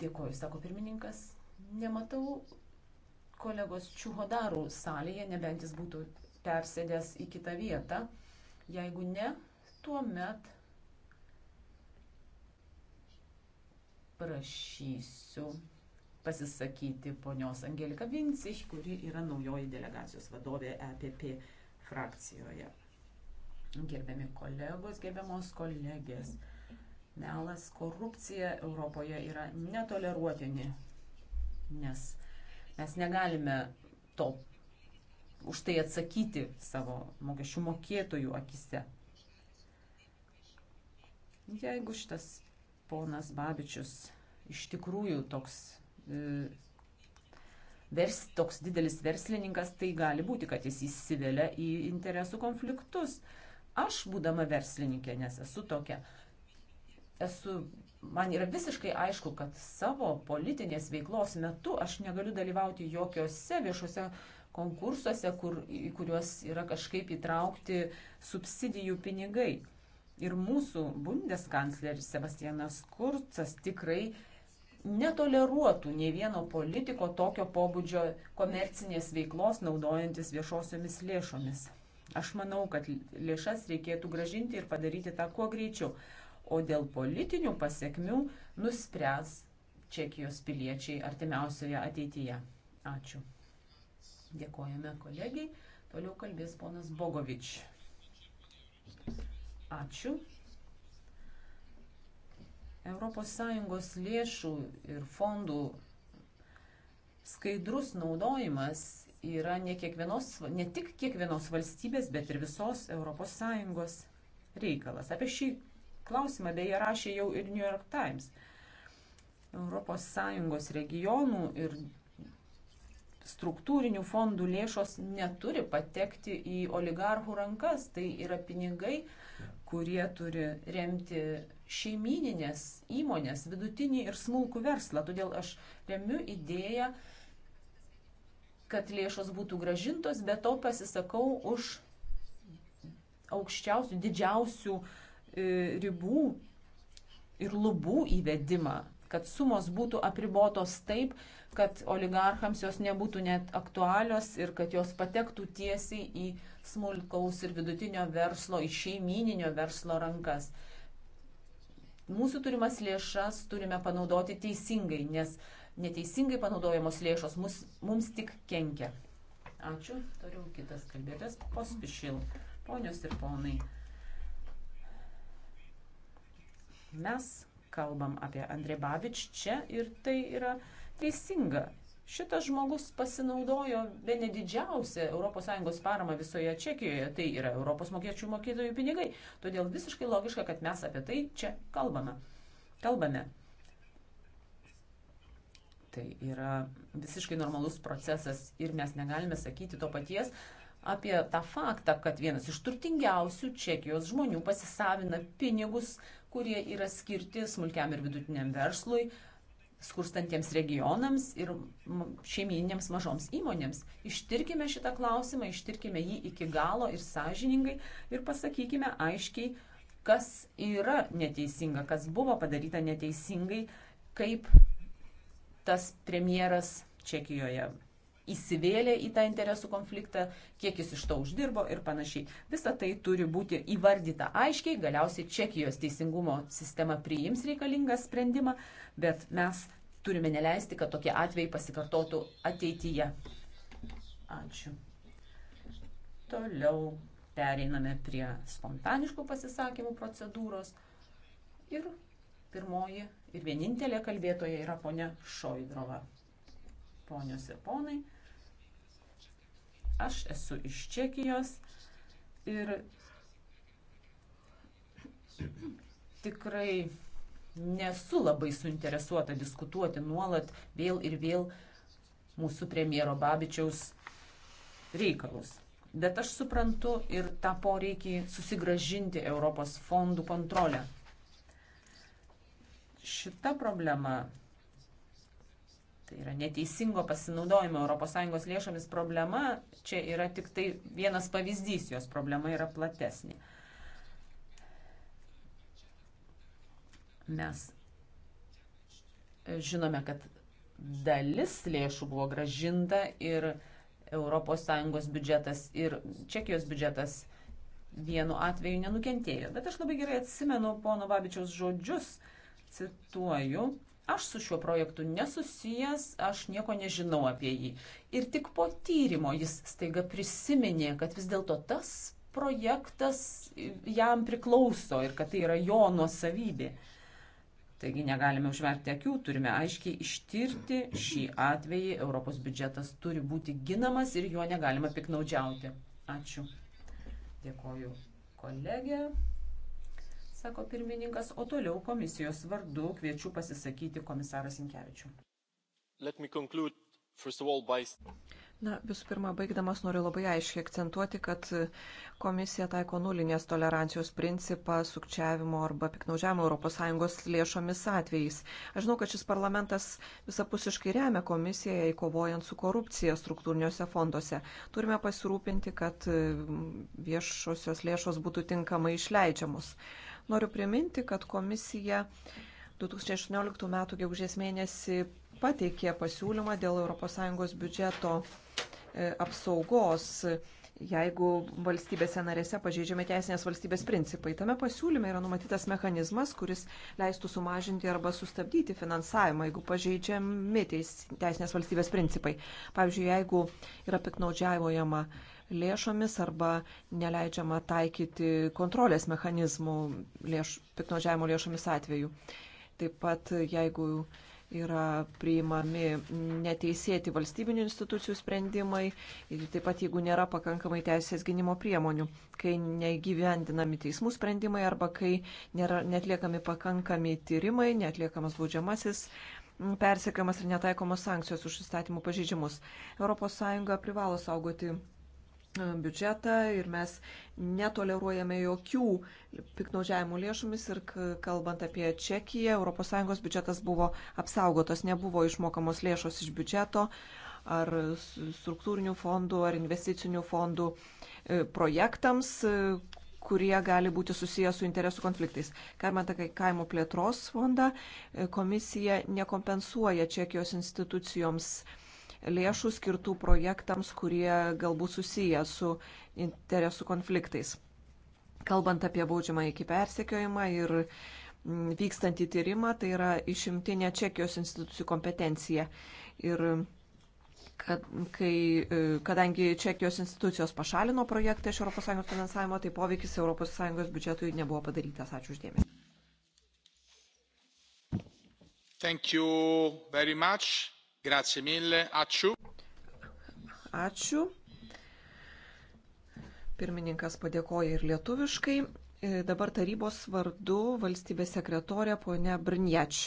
S2: Dėkoju, sako pirmininkas. Nematau kolegos Čiuhodarų salėje, nebent jis būtų persėdęs į kitą vietą. Jeigu ne, tuomet prašysiu pasisakyti ponios Angelika Vincich, kuri yra naujoji delegacijos vadovė EPP frakcijoje. Gerbiami kolegos, gerbiamos kolegės, melas korupcija Europoje yra netoleruotini, nes mes negalime to už tai atsakyti savo mokesčių mokėtojų akise. Jeigu šitas ponas Babičius iš tikrųjų toks E, vers, toks didelis verslininkas, tai gali būti, kad jis įsivelia į interesų konfliktus. Aš, būdama verslininkė, nes esu tokia, esu, man yra visiškai aišku, kad savo politinės veiklos metu aš negaliu dalyvauti jokiose viešuose konkursuose, kur, į kuriuos yra kažkaip įtraukti subsidijų pinigai. Ir mūsų bundeskancleris Sebastianas Kurcas tikrai uh, netoleruotų nei vieno politiko tokio pobūdžio komercinės veiklos naudojantis viešosiomis lėšomis. Aš manau, kad lėšas reikėtų gražinti ir padaryti tą kuo greičiau, o dėl politinių pasiekmių nuspręs Čekijos piliečiai artimiausioje ateityje. Ačiū. Dėkojame kolegiai. Toliau kalbės ponas Bogovič. Ačiū. ES lėšų ir fondų skaidrus naudojimas yra ne, kiekvienos, ne tik kiekvienos valstybės, bet ir visos ES reikalas. Apie šį klausimą beje rašė jau ir New York Times. ES regionų ir struktūrinių fondų lėšos neturi patekti į oligarchų rankas. Tai yra pinigai, kurie turi remti šeimininės įmonės, vidutinį ir smulkų verslą. Todėl aš remiu idėją, kad lėšos būtų gražintos, bet to pasisakau už aukščiausių, didžiausių e, ribų ir lubų įvedimą, kad sumos būtų apribotos taip, kad oligarchams jos nebūtų net aktualios ir kad jos patektų tiesiai į smulkaus ir vidutinio verslo, į šeimininio verslo rankas. Mūsų turimas lėšas turime panaudoti teisingai, nes neteisingai panaudojamos lėšos mus, mums tik kenkia. Ačiū, toliau kitas kalbėtas pospišil. Ponios ir ponai, mes kalbam apie Andrė Babič čia ir tai yra teisinga. Šitas žmogus pasinaudojo vieni didžiausią ES paramą visoje Čekijoje, tai yra Europos mokėčių mokėtojų pinigai. Todėl visiškai logiška, kad mes apie tai čia kalbame. kalbame. Tai yra visiškai normalus procesas ir mes negalime sakyti to paties apie tą faktą, kad vienas iš turtingiausių Čekijos žmonių pasisavina pinigus, kurie yra skirti smulkiam ir vidutiniam verslui, uh, skurstantiems regionams ir šeimininėms mažoms įmonėms. Ištirkime šitą klausimą, ištirkime jį iki galo ir sąžiningai ir pasakykime aiškiai, kas yra neteisinga, kas buvo padaryta neteisingai, kaip tas premjeras Čekijoje įsivėlė į tą interesų konfliktą, kiek jis iš to uždirbo ir panašiai. Visa tai turi būti įvardyta aiškiai, galiausiai Čekijos teisingumo sistema priims reikalingą sprendimą, bet mes turime neleisti, kad tokie atvejai pasikartotų ateityje. Ačiū. Toliau pereiname prie spontaniškų pasisakymų procedūros. Ir pirmoji ir vienintelė kalbėtoja yra ponia Šoidrova ponios ir ponai, Aš esu iš Čekijos ir tikrai nesu labai suinteresuota diskutuoti nuolat vėl ir vėl mūsų premjero Babičiaus reikalus. Bet aš suprantu ir tą poreikį susigražinti Europos fondų kontrolę. Šita problema Tai yra neteisingo pasinaudojimo ES lėšomis problema, čia yra tik tai vienas pavyzdys, jos problema yra platesnė. Mes žinome, kad dalis lėšų buvo gražinta ir ES biudžetas ir Čekijos biudžetas vienu atveju nenukentėjo. Bet aš labai gerai atsimenu pono Babičiaus žodžius, cituoju, aš su šiuo projektu nesusijęs, aš nieko nežinau apie jį. Ir tik po tyrimo jis staiga prisiminė, kad vis dėlto tas projektas jam priklauso ir kad tai yra jo nuosavybė. Taigi negalime užverti akių, turime aiškiai ištirti šį atvejį. Europos biudžetas turi būti ginamas ir juo negalima piknaudžiauti. Ačiū. Dėkoju kolegė sako pirmininkas, o toliau komisijos vardu kviečiu pasisakyti komisaras Inkevičių.
S1: Na, visų pirma, baigdamas noriu labai aiškiai akcentuoti, kad komisija taiko nulinės tolerancijos principą sukčiavimo arba piknaudžiavimo ES lėšomis atvejais. Aš žinau, kad šis parlamentas visapusiškai remia komisiją įkovojant su korupcija struktūriniuose fonduose. Turime pasirūpinti, kad viešosios lėšos būtų tinkamai išleidžiamos. Noriu priminti, kad komisija 2018 m. gegužės mėnesį pateikė pasiūlymą dėl ES biudžeto e, apsaugos, jeigu valstybėse narėse pažeidžiami teisinės valstybės principai. Tame pasiūlyme yra numatytas mechanizmas, kuris leistų sumažinti arba sustabdyti finansavimą, jeigu pažeidžiami teisinės valstybės principai. Pavyzdžiui, jeigu yra piknaudžiavojama lėšomis arba neleidžiama taikyti kontrolės mechanizmų lėš, piknaudžiavimo lėšomis atveju. Taip pat jeigu yra priimami neteisėti valstybinių institucijų sprendimai ir taip pat jeigu nėra pakankamai teisės gynimo priemonių, kai negyvendinami teismų sprendimai arba kai nėra netliekami pakankami tyrimai, netliekamas baudžiamasis persekiamas ir netaikomos sankcijos už įstatymų pažeidimus. ES privalo saugoti E, biudžetą ir mes netoleruojame jokių piknaudžiavimų lėšomis ir kalbant apie Čekiją, ES biudžetas buvo apsaugotas, nebuvo išmokamos lėšos iš biudžeto ar struktūrinių fondų ar investicinių fondų e, projektams, e, kurie gali būti susijęs su interesų konfliktais. Kalbant apie kaimo plėtros fondą, komisija nekompensuoja Čekijos institucijoms lėšų skirtų projektams, kurie galbūt susiję su interesų konfliktais. Kalbant apie baudžiamą iki persekiojimą ir mm, vykstantį tyrimą, tai yra išimtinė Čekijos institucijų kompetencija. Ir kad, kai, e, kadangi Čekijos institucijos pašalino projektą iš ES finansavimo, tai poveikis ES biudžetui nebuvo padarytas. Ačiū uždėmesi. Thank you very much. Grazie mille. Ačiū. Ačiū. Pirmininkas padėkoja ir lietuviškai. E, dabar tarybos vardu valstybės sekretorė ponia Brniač.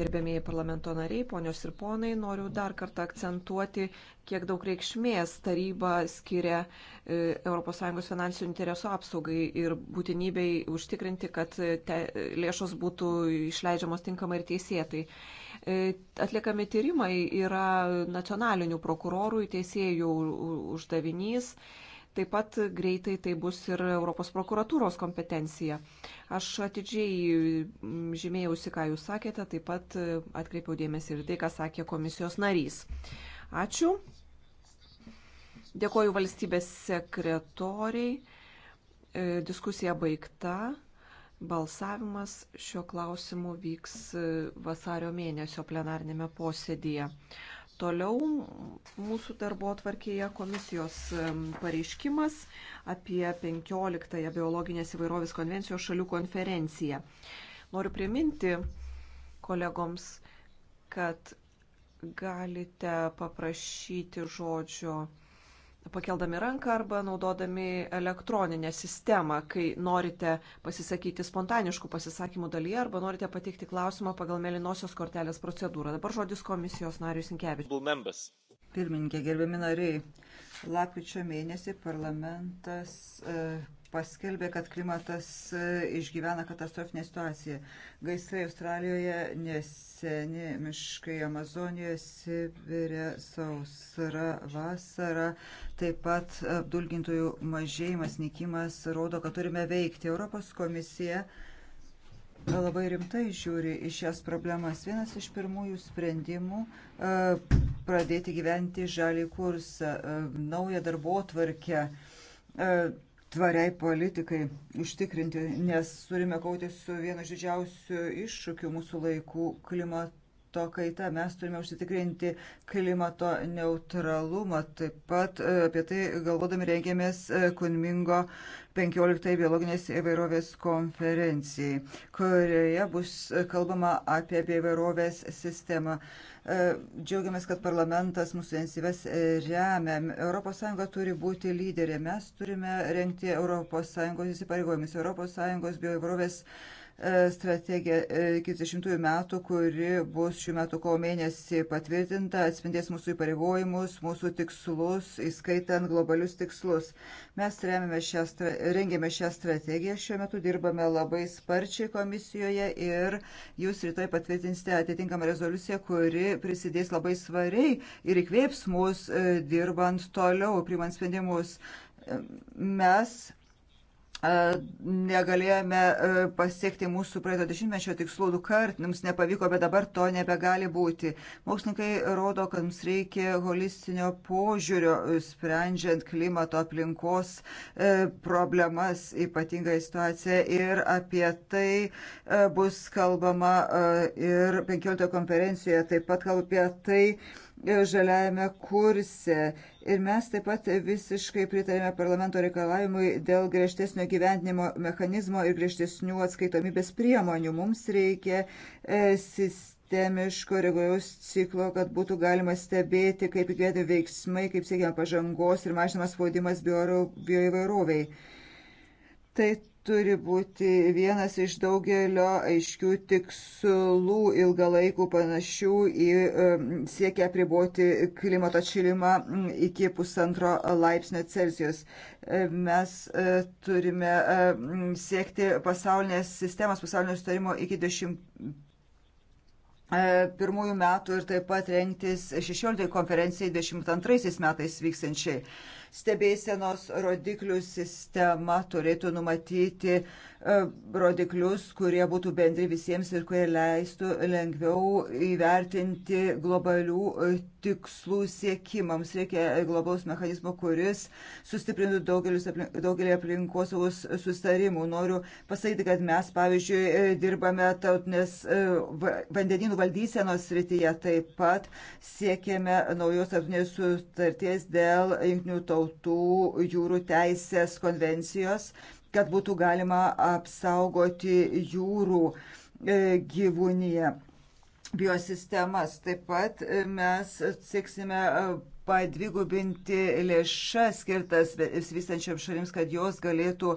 S1: Gerbėmėjai parlamento nariai, ponios ir ponai, noriu dar kartą akcentuoti, kiek daug reikšmės taryba skiria e, ES finansinių interesų apsaugai ir būtinybei užtikrinti, kad te, lėšos būtų išleidžiamos tinkamai ir teisėtai. E, atliekami tyrimai yra nacionalinių prokurorų, teisėjų uždavinys Taip pat greitai tai bus ir Europos prokuratūros kompetencija. Aš atidžiai mm, žymėjausi, ką jūs sakėte, taip pat e, atkreipiau dėmesį ir tai, ką sakė komisijos narys. Ačiū. Dėkoju valstybės sekretoriai. E, diskusija baigta. Balsavimas šiuo klausimu vyks e, vasario mėnesio plenarnėme posėdėje. Toliau mūsų darbo atvarkėje komisijos pareiškimas apie 15-ąją biologinės įvairovės konvencijos šalių konferenciją. Noriu priminti kolegoms, kad galite paprašyti žodžio pakeldami ranką arba naudodami elektroninę sistemą, kai norite pasisakyti spontaniškų pasisakymų dalyje arba norite pateikti klausimą pagal mėlynosios kortelės procedūrą. Dabar žodis komisijos narius Inkevičius. Pirmininkė, gerbiami nariai, lapkričio mėnesį parlamentas.
S3: Uh, paskelbė, kad klimatas e, išgyvena katastrofinę situaciją. Gaisrai Australijoje, neseni miškai Amazonijoje, Sibirė, sausra, vasara, taip pat apdulgintojų mažėjimas, nikimas rodo, kad turime veikti. Europos komisija labai rimtai žiūri į šias problemas. Vienas iš pirmųjų sprendimų e, pradėti gyventi žalį kursą, e, naują darbo tvarkę tvariai politikai užtikrinti, nes turime kauti su vienu iš didžiausių iššūkių mūsų laikų klimato klimato kaita. Mes turime užsitikrinti klimato neutralumą. Taip pat e, apie tai galvodami rengėmės e, Kunmingo 15 biologinės įvairovės konferencijai, kurioje bus kalbama apie įvairovės sistemą. E, džiaugiamės, kad parlamentas mūsų intensyves remia. ES turi būti lyderė. Mes turime rengti ES įsipareigojimus. ES bioįvairovės E, strategija e, iki 30 metų, kuri bus šių metų kovo mėnesį patvirtinta, atspindės mūsų įpareigojimus, mūsų tikslus, įskaitant globalius tikslus. Mes šią, rengėme šią strategiją, šiuo metu dirbame labai sparčiai komisijoje ir jūs rytoj patvirtinsite atitinkamą rezoliuciją, kuri prisidės labai svariai ir įkvėps mus e, dirbant toliau, primant sprendimus. Mes negalėjome pasiekti mūsų praeito dešimtmečio tikslų du kart, mums nepavyko, bet dabar to nebegali būti. Mokslininkai rodo, kad mums reikia holistinio požiūrio, sprendžiant klimato aplinkos e, problemas, ypatingai situaciją. Ir apie tai e, bus kalbama e, ir 15 konferencijoje, taip pat kalbama apie tai, žaliajame kurse. Ir mes taip pat visiškai pritarėme parlamento reikalavimui dėl griežtesnio gyventinimo mechanizmo ir griežtesnių atskaitomybės priemonių. Mums reikia e, sistemiško reguliaus ciklo, kad būtų galima stebėti, kaip įkvėti veiksmai, kaip siekiama pažangos ir mažinamas spaudimas bioįvairoviai. Bio tai turi būti vienas iš daugelio aiškių tikslų ilgalaikų panašių į siekia apriboti klimato atšilimą iki pusantro laipsnio Celsijos. E, mes e, turime e, siekti pasaulinės sistemos, pasaulinio sutarimo iki dešimt pirmųjų metų ir taip pat rengtis 16 konferencijai 22 metais vyksiančiai. Stebėsenos rodiklių sistema turėtų numatyti e, rodiklius, kurie būtų bendri visiems ir kurie leistų lengviau įvertinti globalių e, tikslų siekimams. Reikia globaus mechanizmo, kuris sustiprintų daugelį aplinkosaugos sustarimų. Noriu pasakyti, kad mes, pavyzdžiui, e, dirbame tautinės vandeninų valdysenos srityje, taip pat siekėme naujos apnės sutarties dėl jungtinių tautų tautų jūrų teisės konvencijos, kad būtų galima apsaugoti jūrų e, gyvūniją biosistemas. Taip pat e, mes sieksime e, padvigubinti lėšas skirtas vystančiam šalims, kad jos galėtų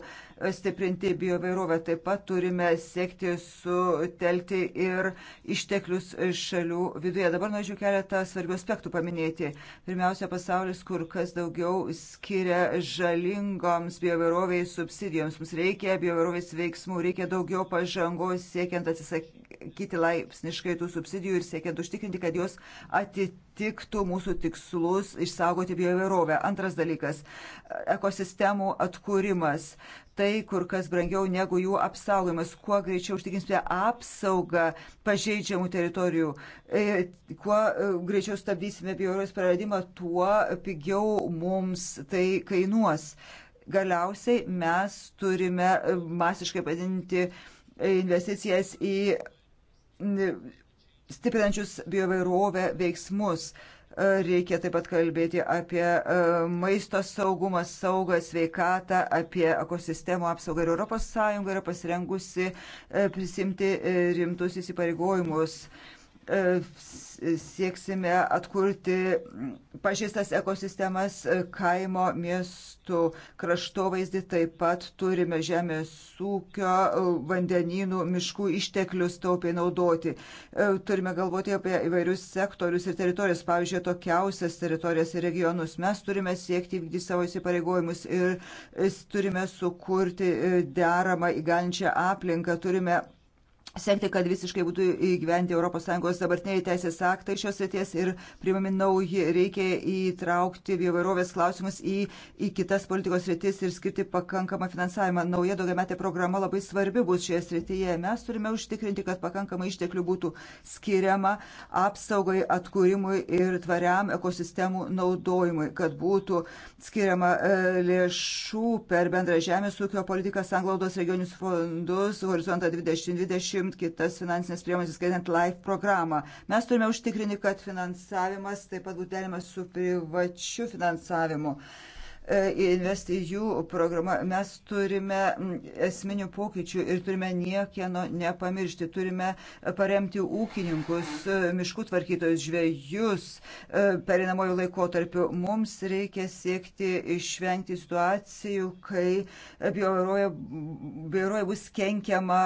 S3: stiprinti biovairovę. Taip pat turime siekti sutelkti ir išteklius šalių viduje. Dabar norėčiau keletą svarbių aspektų paminėti. Pirmiausia, pasaulis kur kas daugiau skiria žalingoms biovairoviai subsidijoms. Mums reikia biovairovės veiksmų, reikia daugiau pažangos siekiant atsisakyti atsisakyti laipsniškai tų subsidijų ir siekiant užtikrinti, kad jos atitiktų mūsų tikslus išsaugoti bioįvairovę. Antras dalykas - ekosistemų atkūrimas. Tai kur kas brangiau negu jų apsaugojimas. Kuo greičiau užtikrinsime apsaugą pažeidžiamų teritorijų, e, kuo e, greičiau stabdysime bioįvairovės praradimą, tuo pigiau mums tai kainuos galiausiai mes turime e, masiškai padinti investicijas į stiprinančius biovairovę veiksmus. E, reikia taip pat kalbėti apie e, maisto saugumą, saugą, sveikatą, apie ekosistemų apsaugą. Ir ES yra pasirengusi e, prisimti rimtus įsipareigojimus E, sieksime atkurti pažįstas ekosistemas e, kaimo miestų kraštovaizdį, taip pat turime žemės ūkio, e, vandenynų, miškų išteklius taupiai naudoti. Turime galvoti apie įvairius sektorius ir teritorijas, pavyzdžiui, tokiausias teritorijas ir regionus. Mes turime siekti vykdyti savo įsipareigojimus ir turime sukurti deramą įgalinčią aplinką, turime sekti, kad visiškai būtų įgyventi ES dabartiniai teisės aktai šios sėties ir priimami nauji. Reikia įtraukti biovarovės klausimus į, į kitas politikos sritis ir skirti pakankamą finansavimą. Nauja daugiametė programa labai svarbi bus šioje srityje. Mes turime užtikrinti, kad pakankamai išteklių būtų skiriama apsaugai, atkūrimui ir tvariam ekosistemų naudojimui, kad būtų skiriama e, lėšų per bendrą žemės ūkio politiką, sanglaudos regionius fondus, horizontą 2020 priimti kitas finansinės priemonės, skaitant LIFE programą. Mes turime užtikrinti, kad finansavimas taip pat būtų derimas su privačiu finansavimu. E, investijų programa. Mes turime esminių pokyčių ir turime niekieno nepamiršti. Turime paremti ūkininkus, e, miškų tvarkytojus, žvėjus e, perinamojų laikotarpių. Mums reikia siekti išvengti situacijų, kai bioroje bus kenkiama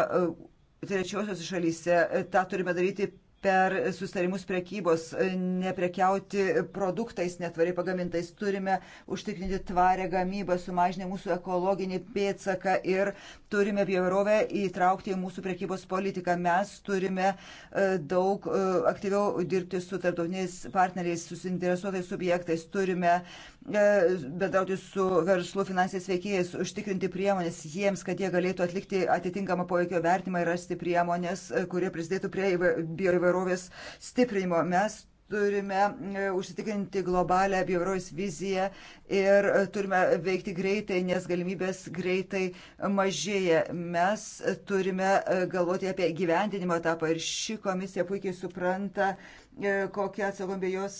S3: trečiosios šalyse. Ta turime daryti per sustarimus prekybos neprekiauti produktais netvariai pagamintais. Turime užtikrinti tvarę gamybą, sumažinę mūsų ekologinį pėtsaką ir turime bioverovę įtraukti į mūsų prekybos politiką. Mes turime e, daug e, aktyviau dirbti su tarptautiniais partneriais, susinteresuotais subjektais. Turime e, bedrauti su verslu finansės veikėjais, užtikrinti priemonės jiems, kad jie galėtų atlikti atitinkamą poveikio vertimą ir rasti priemonės, kurie prisidėtų prie bioverovės bioįvairovės stiprinimo. Mes turime e, užsitikrinti globalią bioįvairovės viziją ir turime veikti greitai, nes galimybės greitai mažėja. Mes turime e, galvoti apie gyvendinimo etapą ir ši komisija puikiai supranta, e, kokia atsakomybė jos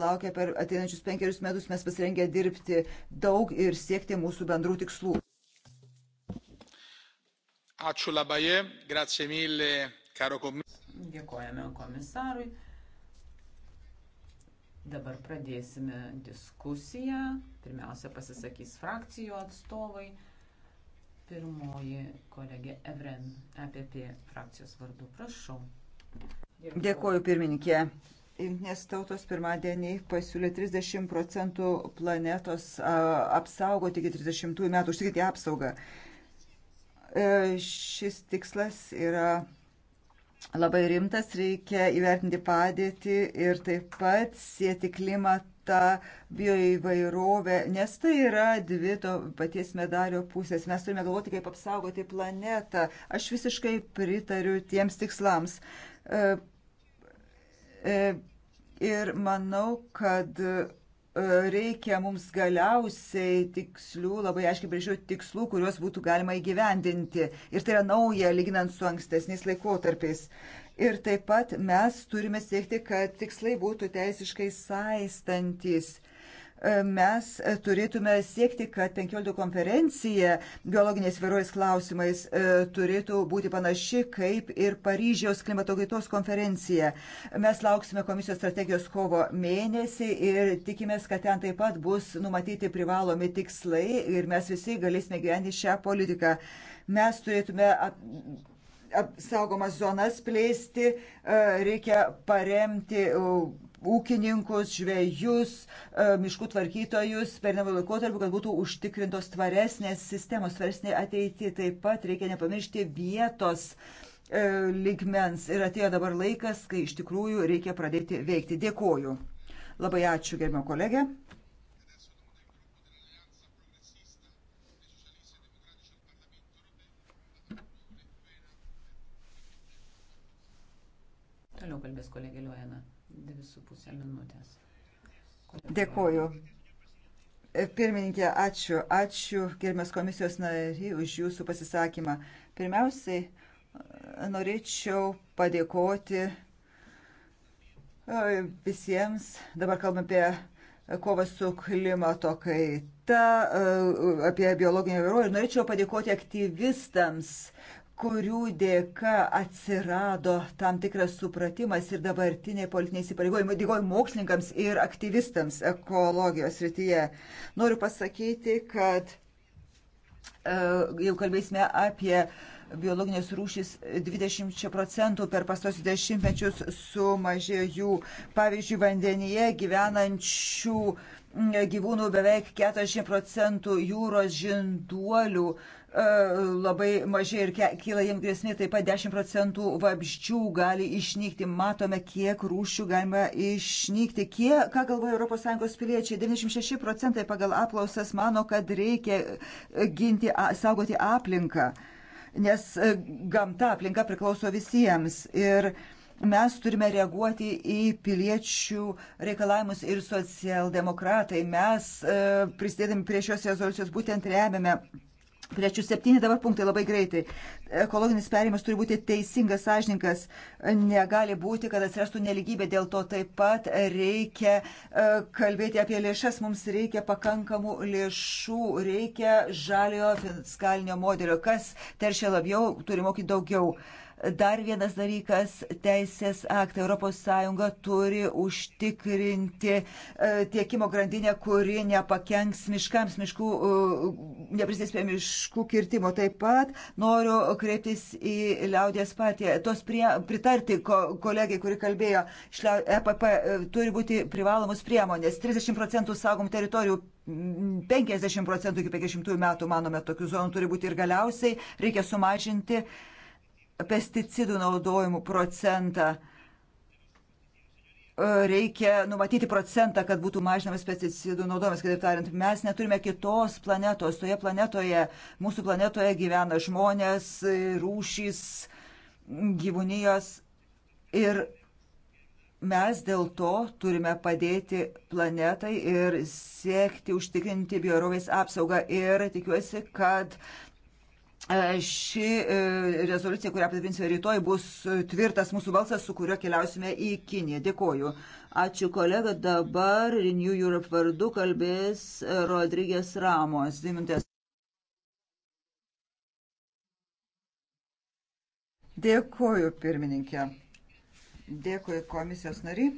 S3: laukia per ateinančius penkerius metus. Mes pasirengę dirbti daug ir siekti mūsų bendrų tikslų. Ačiū labai, grazie mille, karo komisija.
S2: Dėkojame komisarui. Dabar pradėsime diskusiją. Pirmiausia, pasisakys frakcijų atstovai. Pirmoji kolegė Evren, EPP frakcijos vardu. Prašau.
S3: Dėkuoju, Dėkuoju pirmininkė. Junktinės tautos pirmadienį pasiūlė 30 procentų planetos apsaugoti iki 30 metų, užtikrinti apsaugą. E, šis tikslas yra labai rimtas, reikia įvertinti padėtį ir taip pat sieti klimatą bioįvairovę, nes tai yra dvi to paties medalio pusės. Mes turime galvoti, kaip apsaugoti planetą. Aš visiškai pritariu tiems tikslams. E, e, ir manau, kad e, reikia mums galiausiai tikslių, labai aiškiai brėžių tikslų, kuriuos būtų galima įgyvendinti. Ir tai yra nauja, lyginant su ankstesniais laikotarpiais. Ir taip pat mes turime siekti, kad tikslai būtų teisiškai saistantis mes e, turėtume siekti, kad 15 konferencija biologinės vėrovės klausimais e, turėtų būti panaši kaip ir Paryžiaus klimato kaitos konferencija. Mes lauksime komisijos strategijos kovo mėnesį ir tikimės, kad ten taip pat bus numatyti privalomi tikslai ir mes visi galėsime gyventi šią politiką. Mes turėtume apsaugomas zonas plėsti, e, reikia paremti ūkininkus, žvėjus, e, miškų tvarkytojus per nevai laikotarpį, kad būtų užtikrintos tvaresnės sistemos, tvaresnė ateityje. Taip pat reikia nepamiršti vietos e, ligmens. Ir atėjo dabar laikas, kai iš tikrųjų reikia pradėti veikti. Dėkoju. Labai ačiū, gerbimo kolegė.
S2: Toliau kalbės kolegė Liojana dvi su pusė minutės.
S3: Dėkoju. Pirmininkė, ačiū. Ačiū, gerbiamas komisijos nariai, už jūsų pasisakymą. Pirmiausiai, norėčiau padėkoti visiems. Dabar kalbam apie kovą su klimato kaita, apie biologinį įvairovę. Norėčiau padėkoti aktyvistams, kurių dėka atsirado tam tikras supratimas ir dabartiniai politiniai įsipareigojimai. Dėkoju mokslininkams ir aktyvistams ekologijos rytyje. Noriu pasakyti, kad e, jau kalbėsime apie biologinės rūšys 20 procentų per pastos dešimtmečius sumažėjo jų. Pavyzdžiui, vandenyje gyvenančių gyvūnų beveik 40 procentų jūros žinduolių uh, E, labai mažai ir kyla jiems grėsmė, taip pat 10 procentų vabzdžių gali išnykti. Matome, kiek rūšių galima išnykti. Kie, ką galvoja ES piliečiai? 96 procentai pagal aplausas mano, kad reikia ginti, saugoti aplinką, nes e, gamta aplinka priklauso visiems. Ir mes turime reaguoti į piliečių reikalavimus ir socialdemokratai. Mes e, prisidėdami prie šios rezoliucijos būtent remiame Trečių septyni dabar punktai labai greitai. Ekologinis perėjimas turi būti teisingas, sąžininkas. Negali būti, kad atsirastų neligybė. Dėl to taip pat reikia e, kalbėti apie lėšas. Mums reikia pakankamų lėšų. Reikia žaliojo fiskalinio modelio. Kas teršia labiau, turi mokyti daugiau. Dar vienas dalykas - teisės aktai. ES turi užtikrinti e, tiekimo grandinę, kuri nepakenks miškams, miškų, e, neprisidės prie miškų kirtimo. Taip pat noriu kreiptis į liaudės partiją. Tos prie, pritarti ko, kolegai, kuri kalbėjo, EPP e, turi būti privalomus priemonės. 30 procentų saugomų teritorijų 50 procentų iki 50 metų, manome, tokių zonų turi būti ir galiausiai reikia sumažinti pesticidų naudojimų procentą. E, reikia numatyti procentą, kad būtų mažinamas pesticidų naudojimas. Kitaip tariant, mes neturime kitos planetos. Toje planetoje, mūsų planetoje gyvena žmonės, e, rūšys, gyvūnijos. Ir mes dėl to turime padėti planetai ir siekti užtikrinti biorovės apsaugą. Ir tikiuosi, kad E, ši e, rezoliucija, kurią patvirtinsime rytoj, bus tvirtas mūsų balsas, su kuriuo keliausime į Kiniją. Dėkoju. Ačiū kolega. Dabar Renew Europe vardu kalbės Rodrygės Ramos. Dvi minutės. Dėkoju, pirmininkė. Dėkoju komisijos nariai.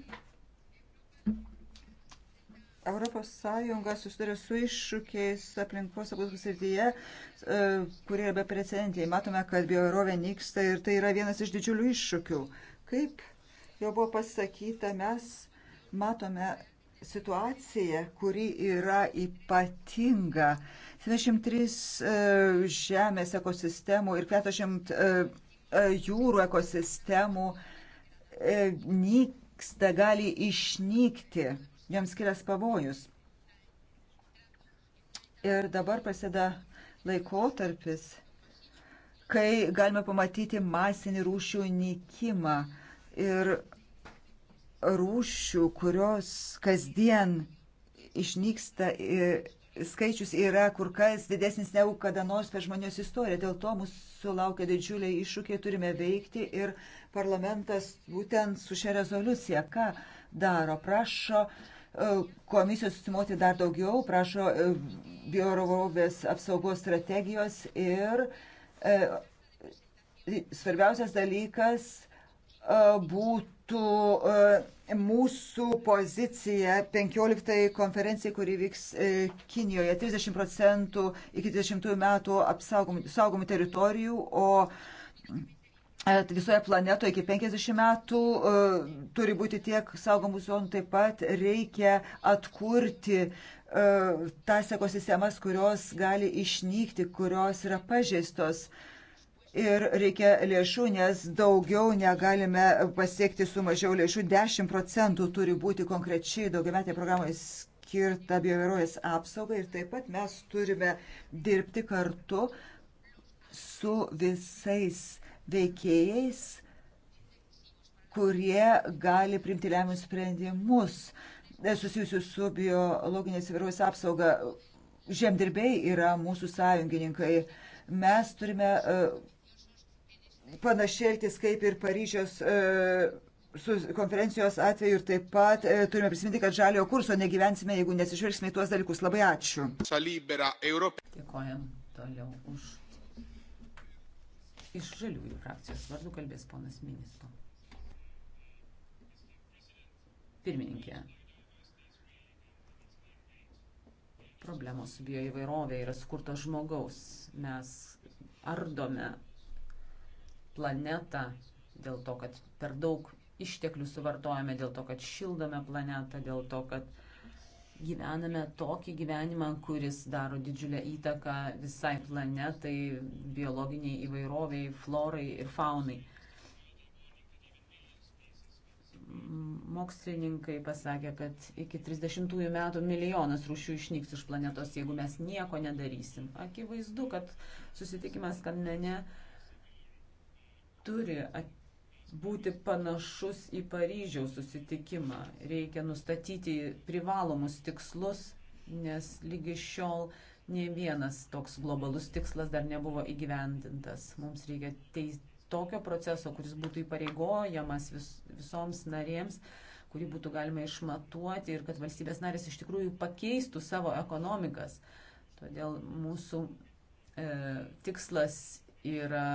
S3: Europos Sąjunga susiduria su iššūkiais aplinkos apsaugos srityje, e, kurie yra beprecedentiai. Matome, kad bioerovė nyksta ir tai yra vienas iš didžiulių iššūkių. Kaip jau buvo pasakyta, mes matome situaciją, kuri yra ypatinga. 73 e, žemės ekosistemų ir 40 e, jūrų ekosistemų nyksta, gali išnykti joms kilęs pavojus. Ir dabar prasideda laikotarpis, kai galime pamatyti masinį rūšių nykimą ir rūšių, kurios kasdien išnyksta skaičius yra kur kas didesnis negu kada nors per žmonijos istoriją. Dėl to mūsų laukia didžiuliai iššūkiai, turime veikti ir parlamentas būtent su šia rezoliucija, ką daro, prašo uh, E, komisijos susimoti dar daugiau, prašo e, biorovės apsaugos strategijos ir e, svarbiausias dalykas būtų mūsų pozicija 15 konferencijai, kuri vyks Kinijoje. 30 procentų iki 30 metų apsaugomų teritorijų, o E, tai visoje planetoje iki 50 metų e, turi būti tiek saugomų zonų, taip pat reikia atkurti e, tas ekosistemas, kurios gali išnykti, kurios yra pažeistos. Ir reikia lėšų, nes daugiau negalime pasiekti su mažiau lėšų. 10 procentų turi būti konkrečiai daugiametė programoje skirta bioverovės apsaugai. Ir taip pat mes turime dirbti kartu su visais veikėjais, kurie gali primti lemiamus sprendimus susijusius su biologinės įvairovės apsauga. Žemdirbiai yra mūsų sąjungininkai. Mes turime e, panašėltis kaip ir Paryžiaus e, su konferencijos atveju ir taip pat e, turime prisiminti, kad žaliojo kurso negyvensime, jeigu nesižvelgsime į tuos dalykus. Labai ačiū.
S2: Dėkojam toliau už Iš žaliųjų frakcijos vardu kalbės ponas ministro. Pirmininkė. Problemos su bioįvairovė yra skurta žmogaus. Mes ardome planetą dėl to, kad per daug išteklių suvartojame, dėl to, kad šildome planetą, dėl to, kad gyvename tokį gyvenimą, kuris daro didžiulę įtaką visai planetai, biologiniai įvairoviai, florai ir faunai. Mokslininkai pasakė, kad iki 30 metų milijonas rūšių išnyks iš planetos, jeigu mes nieko nedarysim. Akivaizdu, kad susitikimas Kanmene turi at būti panašus į Paryžiaus susitikimą. Reikia nustatyti privalomus tikslus, nes lygi šiol ne vienas toks globalus tikslas dar nebuvo įgyvendintas. Mums reikia teis, tokio proceso, kuris būtų įpareigojamas vis, visoms narėms kurį būtų galima išmatuoti ir kad valstybės narės iš tikrųjų pakeistų savo ekonomikas. Todėl mūsų e, tikslas yra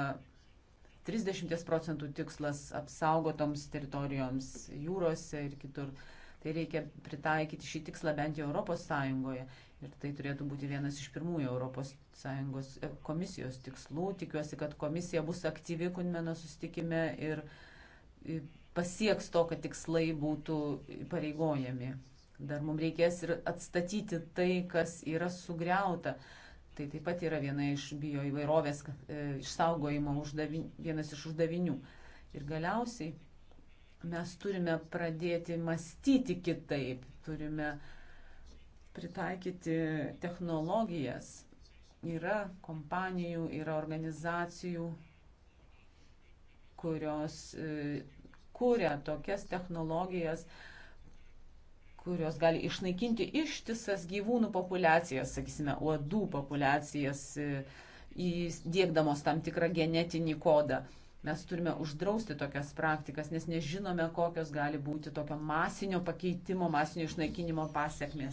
S2: 30 procentų tikslas apsaugotoms teritorijoms jūrose ir kitur. Tai reikia pritaikyti šį tikslą bent jau Europos Sąjungoje. Ir tai turėtų būti vienas iš pirmųjų Europos Sąjungos e, komisijos tikslų. Tikiuosi, kad komisija bus aktyvi Kunmeno sustikime ir pasieks to, kad tikslai būtų pareigojami. Dar mums reikės ir atstatyti tai, kas yra sugriauta. Tai taip pat yra viena iš bioįvairovės e, išsaugojimo uždavin, vienas iš uždavinių. Ir galiausiai mes turime pradėti mąstyti kitaip, turime pritaikyti technologijas. Yra kompanijų, yra organizacijų, kurios e, kūrė tokias technologijas, kurios gali išnaikinti ištisas gyvūnų populiacijas, sakysime, uodų populiacijas, e, įdėkdamos tam tikrą genetinį kodą. Mes turime uždrausti tokias praktikas, nes nežinome, kokios gali būti tokio masinio pakeitimo, masinio išnaikinimo pasiekmės.